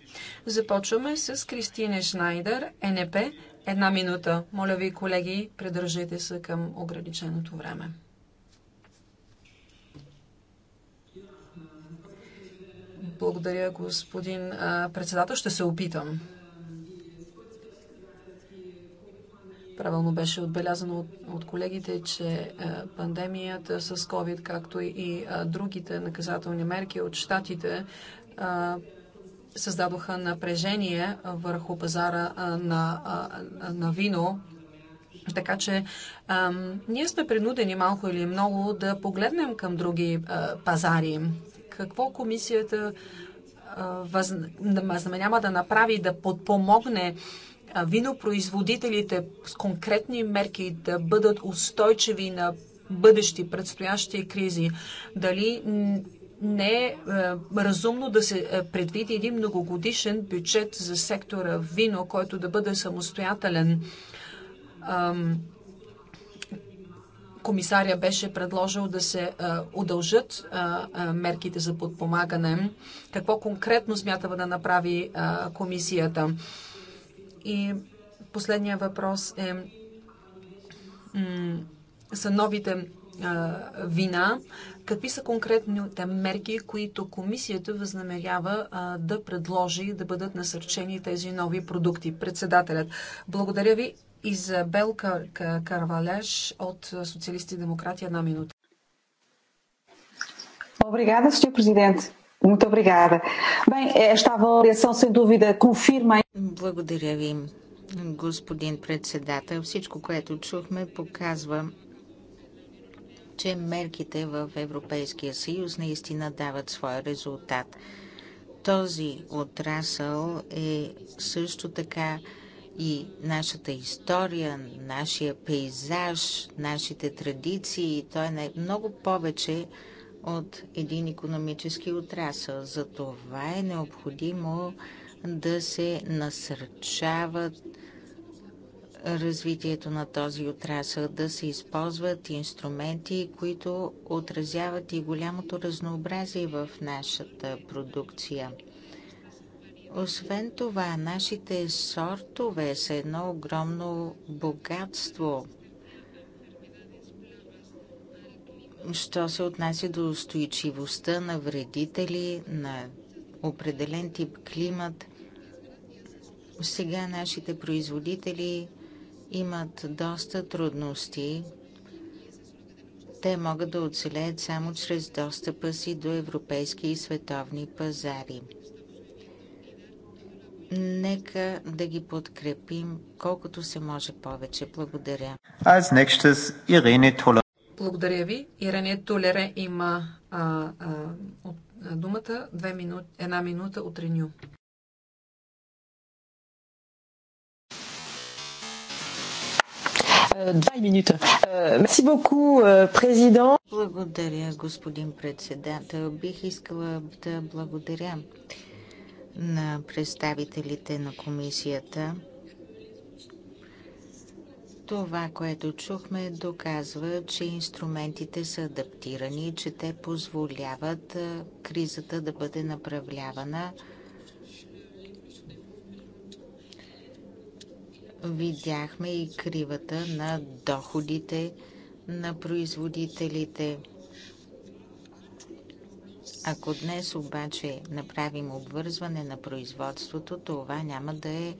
Започваме с Кристине Шнайдер, НП. Една минута. Моля ви, колеги, придържайте се към ограниченото време. Благодаря, господин председател. Ще се опитам. Правилно беше отбелязано от, от колегите, че е, пандемията с COVID, както и е, другите наказателни мерки от щатите, е, създадоха напрежение върху пазара на, на вино. Така че ние сме принудени малко или много да погледнем към други а, пазари. Какво комисията а, въз... няма да направи да подпомогне а, винопроизводителите с конкретни мерки да бъдат устойчиви на бъдещи предстоящи кризи, дали не е, е разумно да се е, предвиди един многогодишен бюджет за сектора вино, който да бъде самостоятелен. Комисаря беше предложил да се е, удължат мерките за подпомагане. Какво конкретно смятава да направи комисията? И последният въпрос е са новите вина. Какви са конкретните мерки, които комисията възнамерява да предложи да бъдат насърчени тези нови продукти? Председателят. Благодаря ви. Изабел Карвалеш от Социалисти и демократи. Една минута. Обригада, Sr. президент. Muito obrigada. Bem, eh, esta avaliação sem dúvida confirma. Благодаря ви, господин председател. Всичко, което чухме, показва, че мерките в Европейския съюз наистина дават своя резултат. Този отрасъл е също така и нашата история, нашия пейзаж, нашите традиции. Той е много повече от един економически отрасъл. За това е необходимо да се насърчават развитието на този отрасъл, да се използват инструменти, които отразяват и голямото разнообразие в нашата продукция. Освен това, нашите сортове са едно огромно богатство – що се отнася до устойчивостта на вредители, на определен тип климат. Сега нашите производители имат доста трудности. Те могат да оцелеят само чрез достъпа си до европейски и световни пазари. Нека да ги подкрепим колкото се може повече. Благодаря. Als nächstes Irene Toller. Благодаря ви. Иране Толере има а, а, от, а, думата. Две минут, една минута от Реню. Е, два минута. Е, е, благодаря, господин председател. Бих искала да благодаря на представителите на комисията това, което чухме, доказва, че инструментите са адаптирани, че те позволяват кризата да бъде направлявана. Видяхме и кривата на доходите на производителите. Ако днес обаче направим обвързване на производството, това няма да е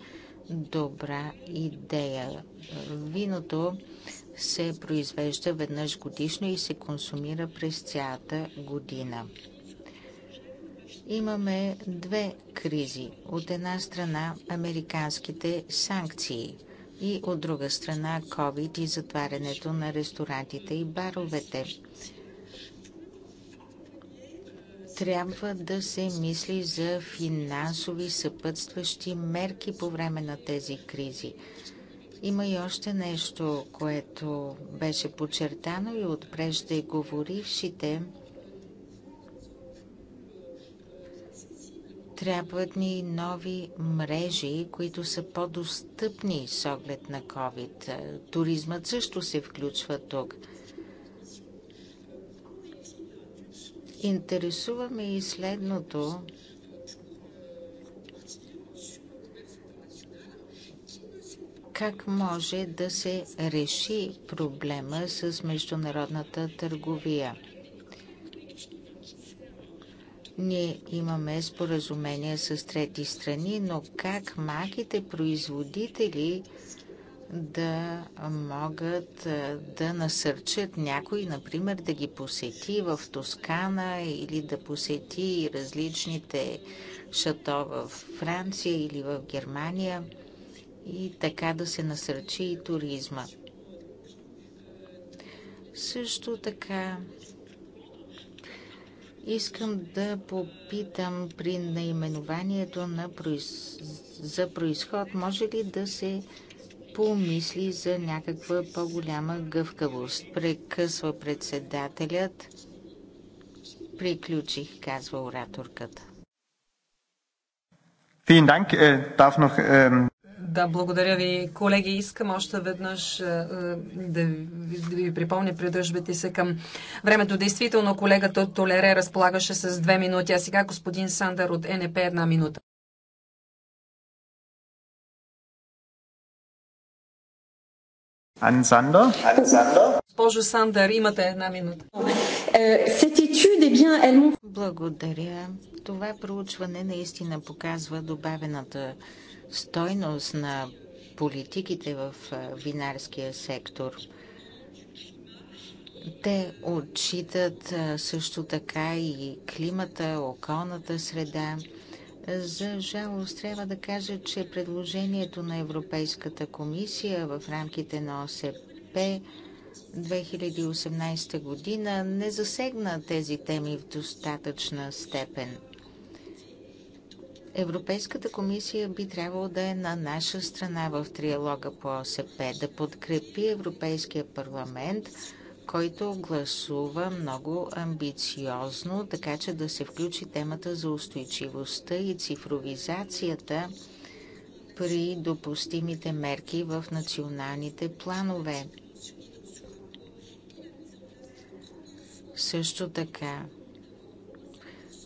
добра идея. Виното се произвежда веднъж годишно и се консумира през цялата година. Имаме две кризи. От една страна американските санкции и от друга страна COVID и затварянето на ресторантите и баровете трябва да се мисли за финансови съпътстващи мерки по време на тези кризи. Има и още нещо, което беше подчертано и от преждеговорившите. Трябват ни нови мрежи, които са по-достъпни с оглед на COVID. Туризмът също се включва тук – Интересуваме и следното. Как може да се реши проблема с международната търговия? Ние имаме споразумения с трети страни, но как малките производители да могат да насърчат някой, например, да ги посети в Тоскана или да посети различните шато в Франция или в Германия и така да се насърчи и туризма. Също така Искам да попитам при наименованието на произ... за происход, може ли да се помисли за някаква по-голяма гъвкавост. Прекъсва председателят. Приключих, казва ораторката. Äh, ähm, да, благодаря ви, колеги. Искам още веднъж е, е, да ви, да ви припомня, придържбете се към времето. Действително, колегата Толере разполагаше с две минути, а сега господин Сандър от НП една минута. Sander. Госпожо Сандър, имате една минута. Е, eh Благодаря. Това проучване наистина показва добавената стойност на политиките в винарския сектор. Те отчитат също така и климата, околната среда. За жалост трябва да кажа, че предложението на Европейската комисия в рамките на ОСП 2018 година не засегна тези теми в достатъчна степен. Европейската комисия би трябвало да е на наша страна в триалога по ОСП, да подкрепи Европейския парламент – който гласува много амбициозно, така че да се включи темата за устойчивостта и цифровизацията при допустимите мерки в националните планове. Също така,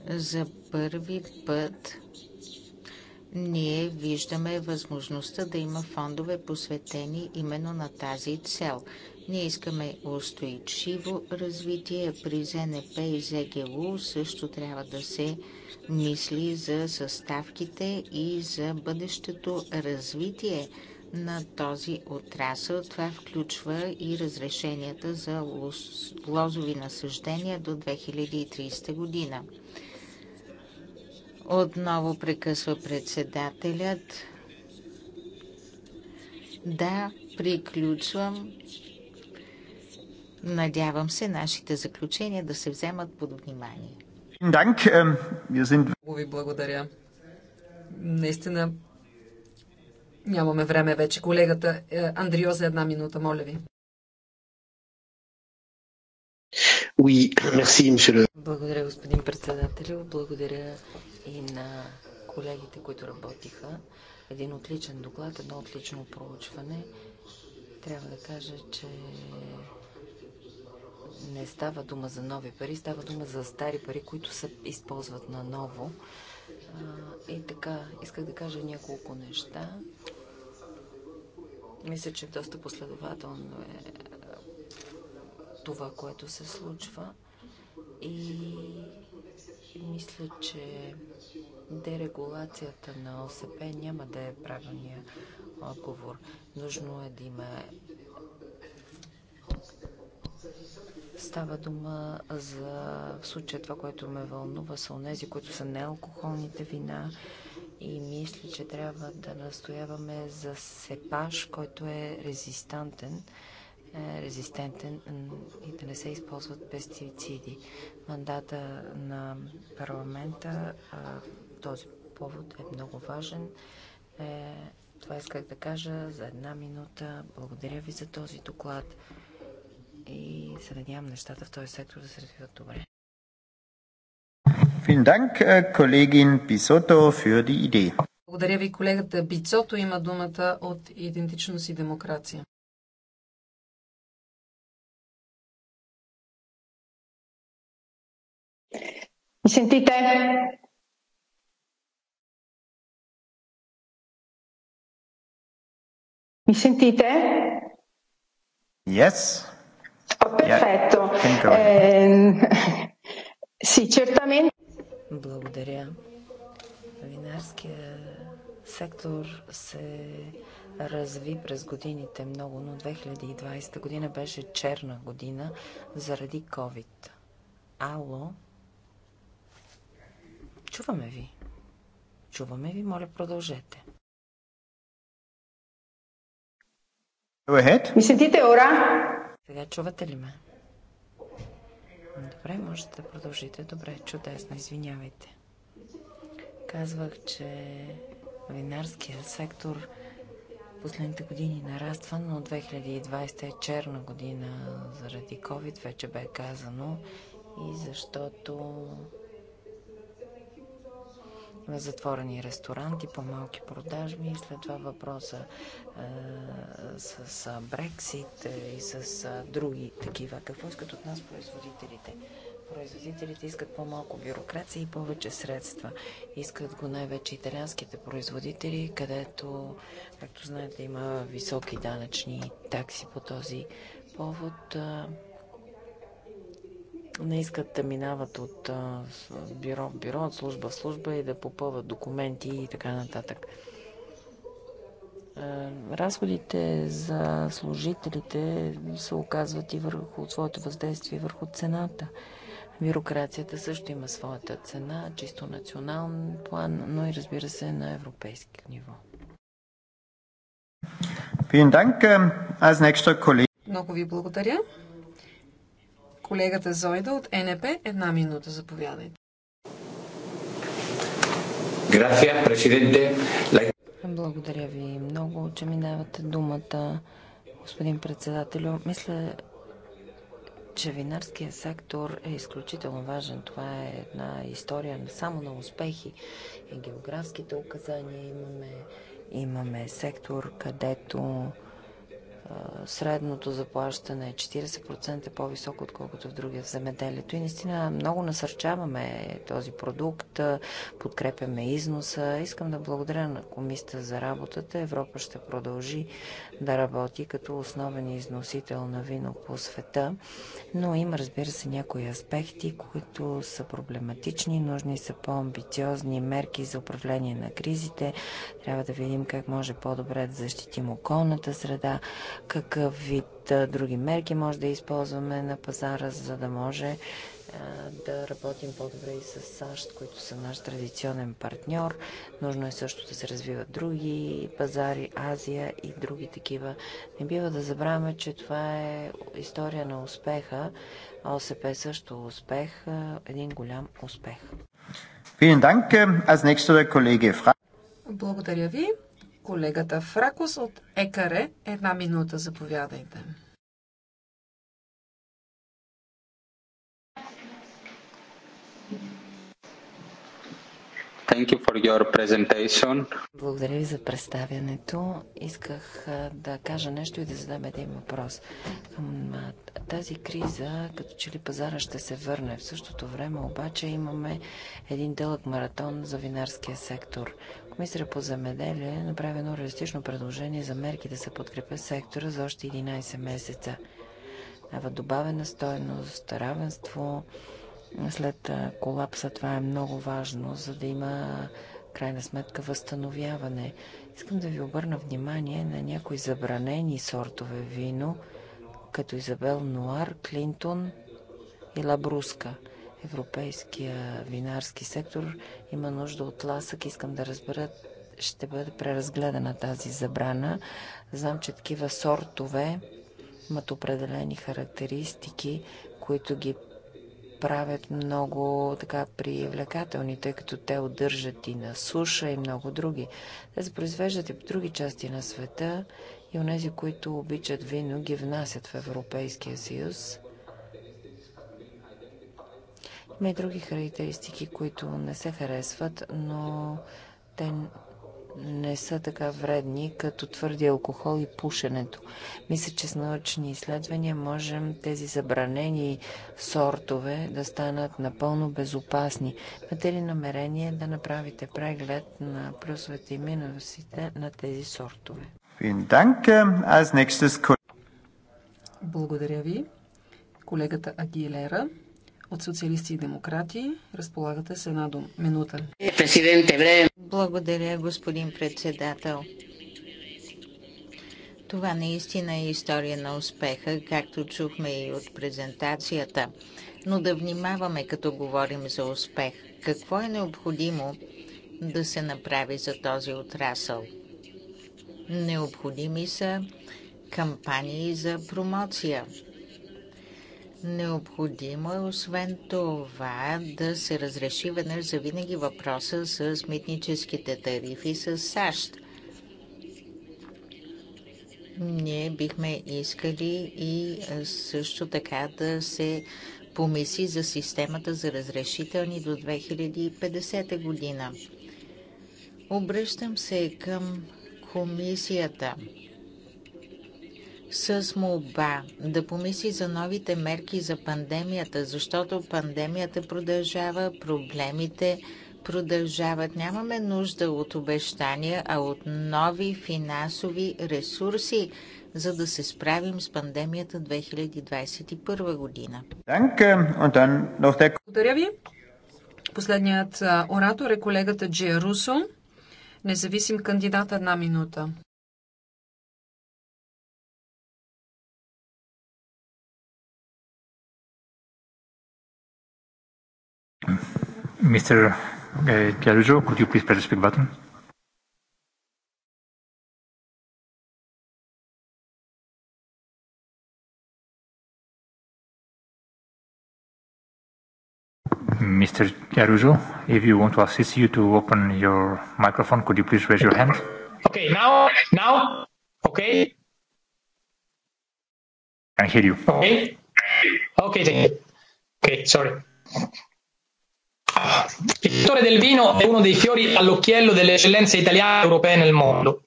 за първи път ние виждаме възможността да има фондове посветени именно на тази цел. Ние искаме устойчиво развитие. При ЗНП и ЗГУ също трябва да се мисли за съставките и за бъдещето развитие на този отрасъл. Това включва и разрешенията за лозови насъждения до 2030 година. Отново прекъсва председателят. Да, приключвам. Надявам се нашите заключения да се вземат под внимание. Ähm, Много ви благодаря. Наистина нямаме време вече. Колегата е, Андрио за една минута, моля ви. Благодаря, господин председател. Благодаря и на колегите, които работиха. Един отличен доклад, едно отлично проучване. Трябва да кажа, че не става дума за нови пари, става дума за стари пари, които се използват наново. И така, исках да кажа няколко неща. Мисля, че доста последователно е, е това, което се случва. И мисля, че дерегулацията на ОСП няма да е правилния отговор. Нужно е да има Става дума за в случая това, което ме вълнува са онези, които са неалкохолните вина и мисля, че трябва да настояваме за сепаш, който е резистантен е, резистентен и да не се използват пестициди. Мандата на парламента този повод е много важен. Е, това исках да кажа за една минута. Благодаря ви за този доклад и се надявам нещата в този сектор да се развиват добре. Äh, Благодаря ви, колегата Бицото има думата от идентичност и демокрация. Сентите. Ми сентите? Yes. Перфекто. Си, чертамент. Благодаря. Винарския сектор се разви през годините много, но 2020 година беше черна година заради COVID. Ало? Чуваме ви. Чуваме ви, моля продължете. Go ahead. Mi сега чувате ли ме? Добре, можете да продължите. Добре, чудесно, извинявайте. Казвах, че винарският сектор последните години нараства, но 2020 е черна година заради COVID, вече бе казано, и защото на затворени ресторанти, по-малки продажби. След това въпроса а, с Брексит и с а, други такива. Какво искат от нас производителите? Производителите искат по-малко бюрокрация и повече средства. Искат го най-вече италианските производители, където, както знаете, има високи данъчни такси по този повод. А, не искат да минават от бюро в бюро, от служба в служба и да попълват документи и така нататък. Е, разходите за служителите се оказват и върху своето въздействие върху цената. Бюрокрацията също има своята цена, чисто национален план, но и разбира се на европейски ниво. Много ви благодаря. Колегата Зойда от НП, една минута, заповядайте. Грация, президенте. Благодаря ви много, че ми давате думата, господин председателю. Мисля, че винарския сектор е изключително важен. Това е една история не само на успехи и географските указания. Имаме, имаме сектор, където средното заплащане е 40% по-високо, отколкото в другия в земеделието. И наистина много насърчаваме този продукт, подкрепяме износа. Искам да благодаря на комисията за работата. Европа ще продължи да работи като основен износител на вино по света, но има, разбира се, някои аспекти, които са проблематични, нужни са по-амбициозни мерки за управление на кризите, трябва да видим как може по-добре да защитим околната среда, какъв вид други мерки може да използваме на пазара, за да може да работим по-добре и с САЩ, които са наш традиционен партньор. Нужно е също да се развиват други пазари, Азия и други такива. Не бива да забравяме, че това е история на успеха. ОСП е също успех, един голям успех. Благодаря ви. Колегата Фракус от ЕКАРЕ. Една минута, заповядайте. Thank you for your presentation. Благодаря ви за представянето. Исках да кажа нещо и да задам един въпрос. тази криза, като че ли пазара ще се върне. В същото време обаче имаме един дълъг маратон за винарския сектор. Комисаря по земеделие направи едно реалистично предложение за мерки да се подкрепя сектора за още 11 месеца. добавена стоеност, равенство, след колапса. Това е много важно, за да има крайна сметка възстановяване. Искам да ви обърна внимание на някои забранени сортове вино, като Изабел Нуар, Клинтон и Лабруска. Европейския винарски сектор има нужда от ласък. Искам да разбера, ще бъде преразгледана тази забрана. Знам, че такива сортове имат определени характеристики, които ги правят много така привлекателни, тъй като те удържат и на суша и много други. Те се произвеждат и в други части на света и онези, които обичат вино, ги внасят в Европейския съюз. Има и други характеристики, които не се харесват, но те не са така вредни, като твърди алкохол и пушенето. Мисля, че с научни изследвания можем тези забранени сортове да станат напълно безопасни. Имате ли намерение да направите преглед на плюсовете и минусите на тези сортове? Благодаря ви. Колегата Агилера от социалисти и демократи. Разполагате с една дум... минута. Е, Благодаря, господин председател. Това наистина е история на успеха, както чухме и от презентацията. Но да внимаваме, като говорим за успех. Какво е необходимо да се направи за този отрасъл? Необходими са кампании за промоция – Необходимо е освен това да се разреши веднъж за винаги въпроса с митническите тарифи с САЩ. Ние бихме искали и също така да се помисли за системата за разрешителни до 2050 година. Обръщам се към комисията с молба да помисли за новите мерки за пандемията, защото пандемията продължава, проблемите продължават. Нямаме нужда от обещания, а от нови финансови ресурси, за да се справим с пандемията 2021 година. Благодаря ви. Последният оратор е колегата Джия Русо, независим кандидат една минута. Mr. Giarrusso, could you please press the speak button? Mr. Giarrusso, if you want to assist you to open your microphone, could you please raise your hand? Okay. Now? Now? Okay. I hear you. Okay. Okay. Thank you. Okay. Sorry. Il settore del vino è uno dei fiori all'occhiello delle eccellenze italiane e europee nel mondo.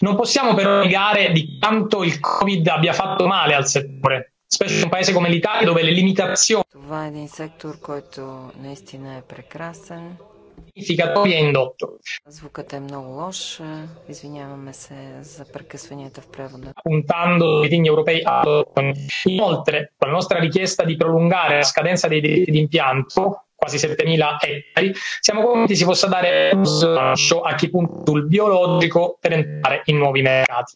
Non possiamo però negare di quanto il Covid abbia fatto male al settore, specie in un paese come l'Italia dove le limitazioni. Това е един сектор, който наистина е индоктор. Звукът е много лош. Извиняваме се за прекъсванията в превода. Puntando i vitigni europei a Inoltre, con la nostra richiesta di prolungare la scadenza dei diritti di impianto, quasi 7.000 ettari, siamo convinti si possa dare uno slancio a chi punta sul biologico per entrare in nuovi mercati.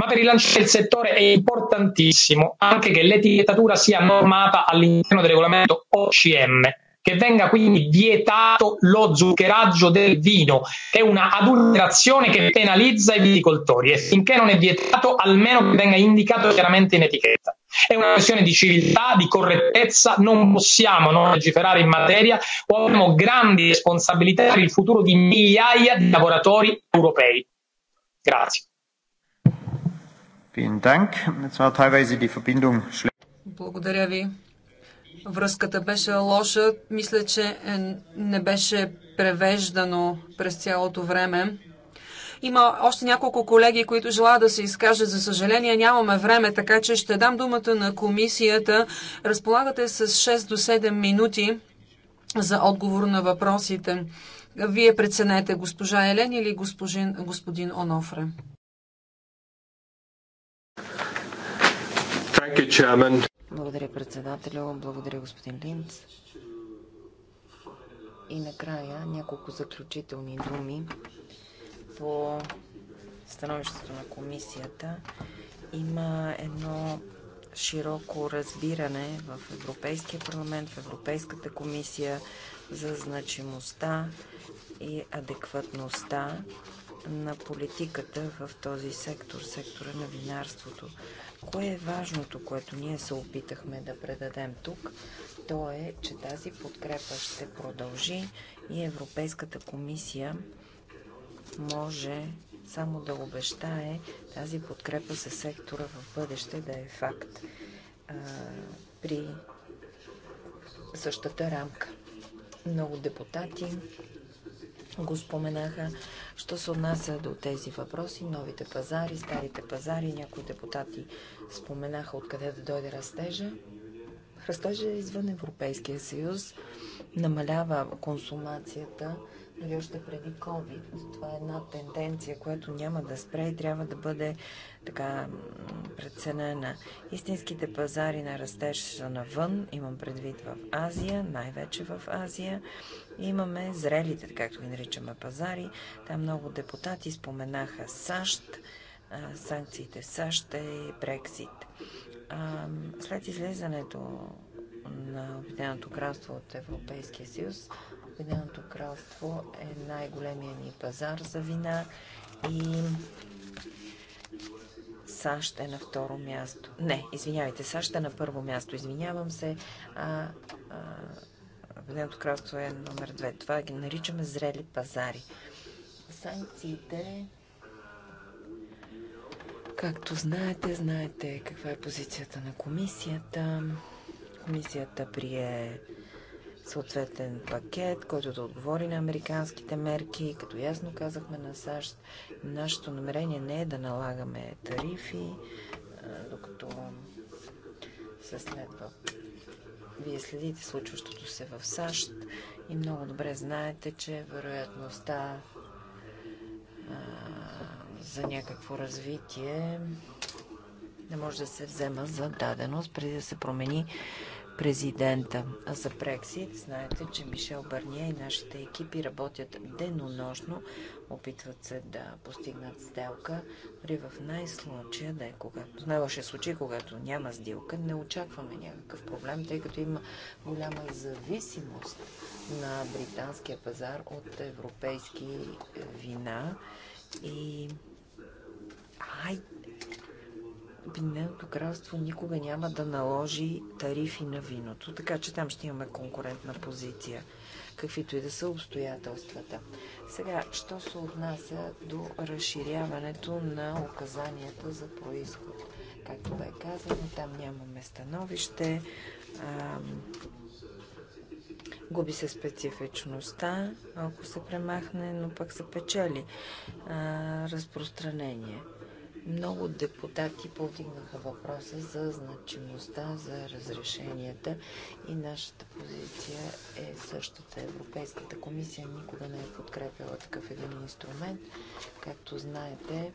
Ma per rilanciare il settore è importantissimo anche che l'etichettatura sia normata all'interno del regolamento OCM, che venga quindi vietato lo zuccheraggio del vino, che è una adulterazione che penalizza i viticoltori e finché non è vietato almeno che venga indicato chiaramente in etichetta. È una questione di civiltà, di correttezza, non possiamo non legiferare in materia o abbiamo grandi responsabilità per il futuro di migliaia di lavoratori europei. Grazie. Vielen Dank. Jetzt war teilweise die Verbindung schlecht. Благодаря ви връзката беше лоша. Мисля, че е, не беше превеждано през цялото време. Има още няколко колеги, които желаят да се изкажат. За съжаление, нямаме време, така че ще дам думата на комисията. Разполагате с 6 до 7 минути за отговор на въпросите. Вие преценете госпожа Елен или госпожин, господин Онофре. Благодаря, председателю. Благодаря, господин Линц. И накрая няколко заключителни думи по становището на комисията. Има едно широко разбиране в Европейския парламент, в Европейската комисия за значимостта и адекватността на политиката в този сектор, сектора на винарството. Кое е важното, което ние се опитахме да предадем тук? То е, че тази подкрепа ще продължи и Европейската комисия може само да обещае тази подкрепа за сектора в бъдеще да е факт а, при същата рамка. Много депутати го споменаха. Що се отнася до тези въпроси, новите пазари, старите пазари, някои депутати споменаха откъде да дойде растежа. Растежа е извън Европейския съюз намалява консумацията, нали още преди COVID. Това е една тенденция, която няма да спре и трябва да бъде така преценена. Истинските пазари на растеж са навън, имам предвид в Азия, най-вече в Азия. Имаме зрелите, както ги наричаме, пазари. Там много депутати споменаха САЩ, санкциите САЩ и е Брексит. След излизането на Обединеното кралство от Европейския съюз, Обединеното кралство е най-големия ни пазар за вина и САЩ е на второ място. Не, извинявайте, САЩ е на първо място. Извинявам се. А, а, Обединеното кралство е номер две. Това ги наричаме зрели пазари. Санкциите Както знаете, знаете каква е позицията на комисията. Комисията прие съответен пакет, който да отговори на американските мерки. Като ясно казахме на САЩ, нашето намерение не е да налагаме тарифи, докато се следва вие следите случващото се в САЩ и много добре знаете, че вероятността а, за някакво развитие не може да се взема за даденост, преди да се промени президента. А за Брексит знаете, че Мишел Барния и нашите екипи работят денонощно, опитват се да постигнат сделка, дори в най-случая, да е когато, в най-лошия случай, когато няма сделка, не очакваме някакъв проблем, тъй като има голяма зависимост на британския пазар от европейски вина и Ай, Обединеното кралство никога няма да наложи тарифи на виното, така че там ще имаме конкурентна позиция, каквито и да са обстоятелствата. Сега, що се отнася до разширяването на указанията за происход? Както бе казано, там нямаме становище, а, губи се специфичността, ако се премахне, но пък се печели а, разпространение. Много депутати повдигнаха въпроса за значимостта за разрешенията и нашата позиция е същата. Европейската комисия никога не е подкрепила такъв един инструмент. Както знаете,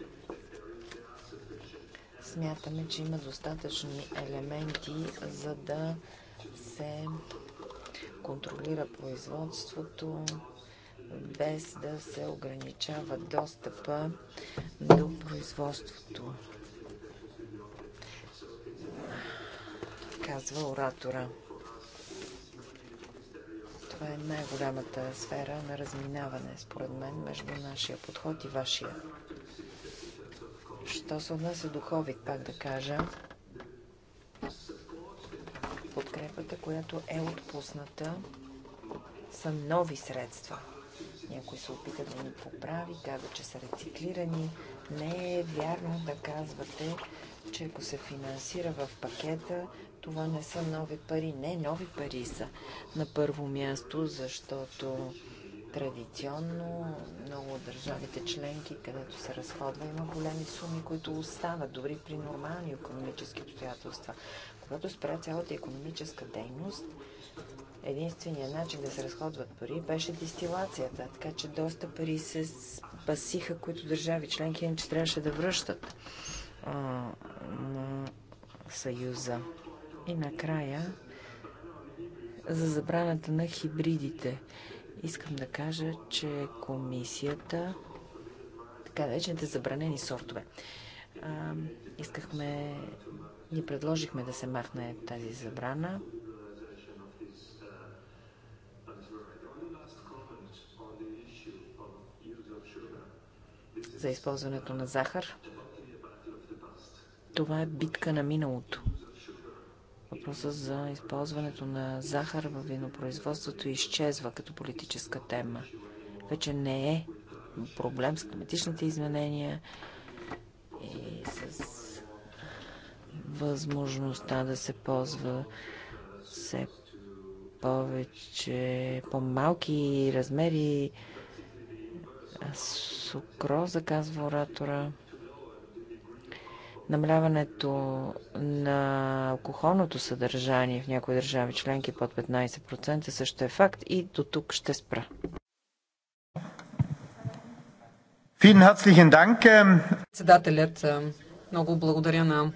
смятаме, че има достатъчни елементи, за да се контролира производството, без да се ограничава достъпа до производството. Казва оратора. Това е най-голямата сфера на разминаване, според мен, между нашия подход и вашия. Що се отнася до COVID, пак да кажа, подкрепата, която е отпусната, са нови средства – някой се опита да ни поправи, каза, че са рециклирани. Не е вярно да казвате, че ако се финансира в пакета, това не са нови пари. Не, нови пари са. На първо място, защото традиционно много от държавите членки, където се разходва, има големи суми, които остават дори при нормални економически обстоятелства. Когато спря цялата економическа дейност, единственият начин да се разходват пари беше дистилацията, така че доста пари се спасиха, които държави членки че трябваше да връщат а, на Съюза. И накрая за забраната на хибридите. Искам да кажа, че комисията, така наречените забранени сортове, а, искахме, ни предложихме да се махне тази забрана. за използването на захар. Това е битка на миналото. Въпросът за използването на захар в винопроизводството изчезва като политическа тема. Вече не е проблем с климатичните изменения и с възможността да се ползва все повече по-малки размери сукроза, казва оратора. Намаляването на алкохолното съдържание в някои държави членки под 15% също е факт и до тук ще спра. Ähm, Председателят, много благодаря на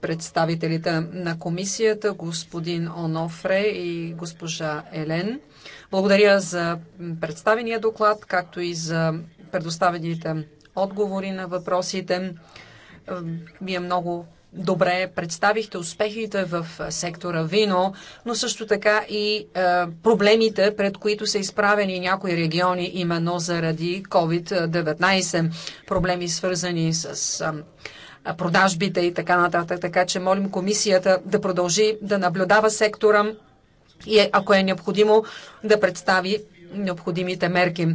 представителите на комисията, господин Онофре и госпожа Елен. Благодаря за представения доклад, както и за предоставените отговори на въпросите. Вие много добре представихте успехите в сектора вино, но също така и е, проблемите, пред които са изправени някои региони именно заради COVID-19. Проблеми свързани с е, продажбите и така нататък. Така че молим комисията да продължи да наблюдава сектора и ако е необходимо да представи необходимите мерки.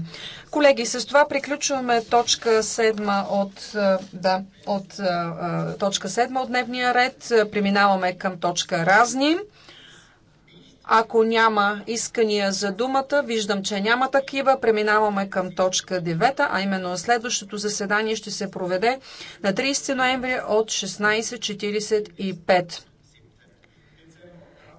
Колеги, с това приключваме точка 7 от, е, да, от е, е, точка 7 от дневния ред. Преминаваме към точка разни. Ако няма искания за думата, виждам, че няма такива. Преминаваме към точка 9, а именно следващото заседание ще се проведе на 30 ноември от 16.45.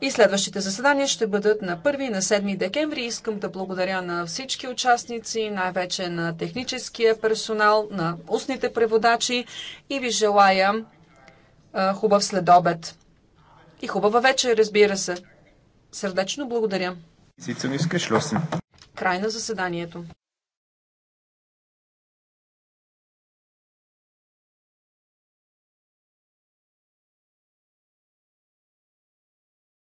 И следващите заседания ще бъдат на 1 и на 7 декември. Искам да благодаря на всички участници, най-вече на техническия персонал, на устните преводачи и ви желая хубав следобед. И хубава вечер, разбира се. Сърдечно благодаря. Край на заседанието.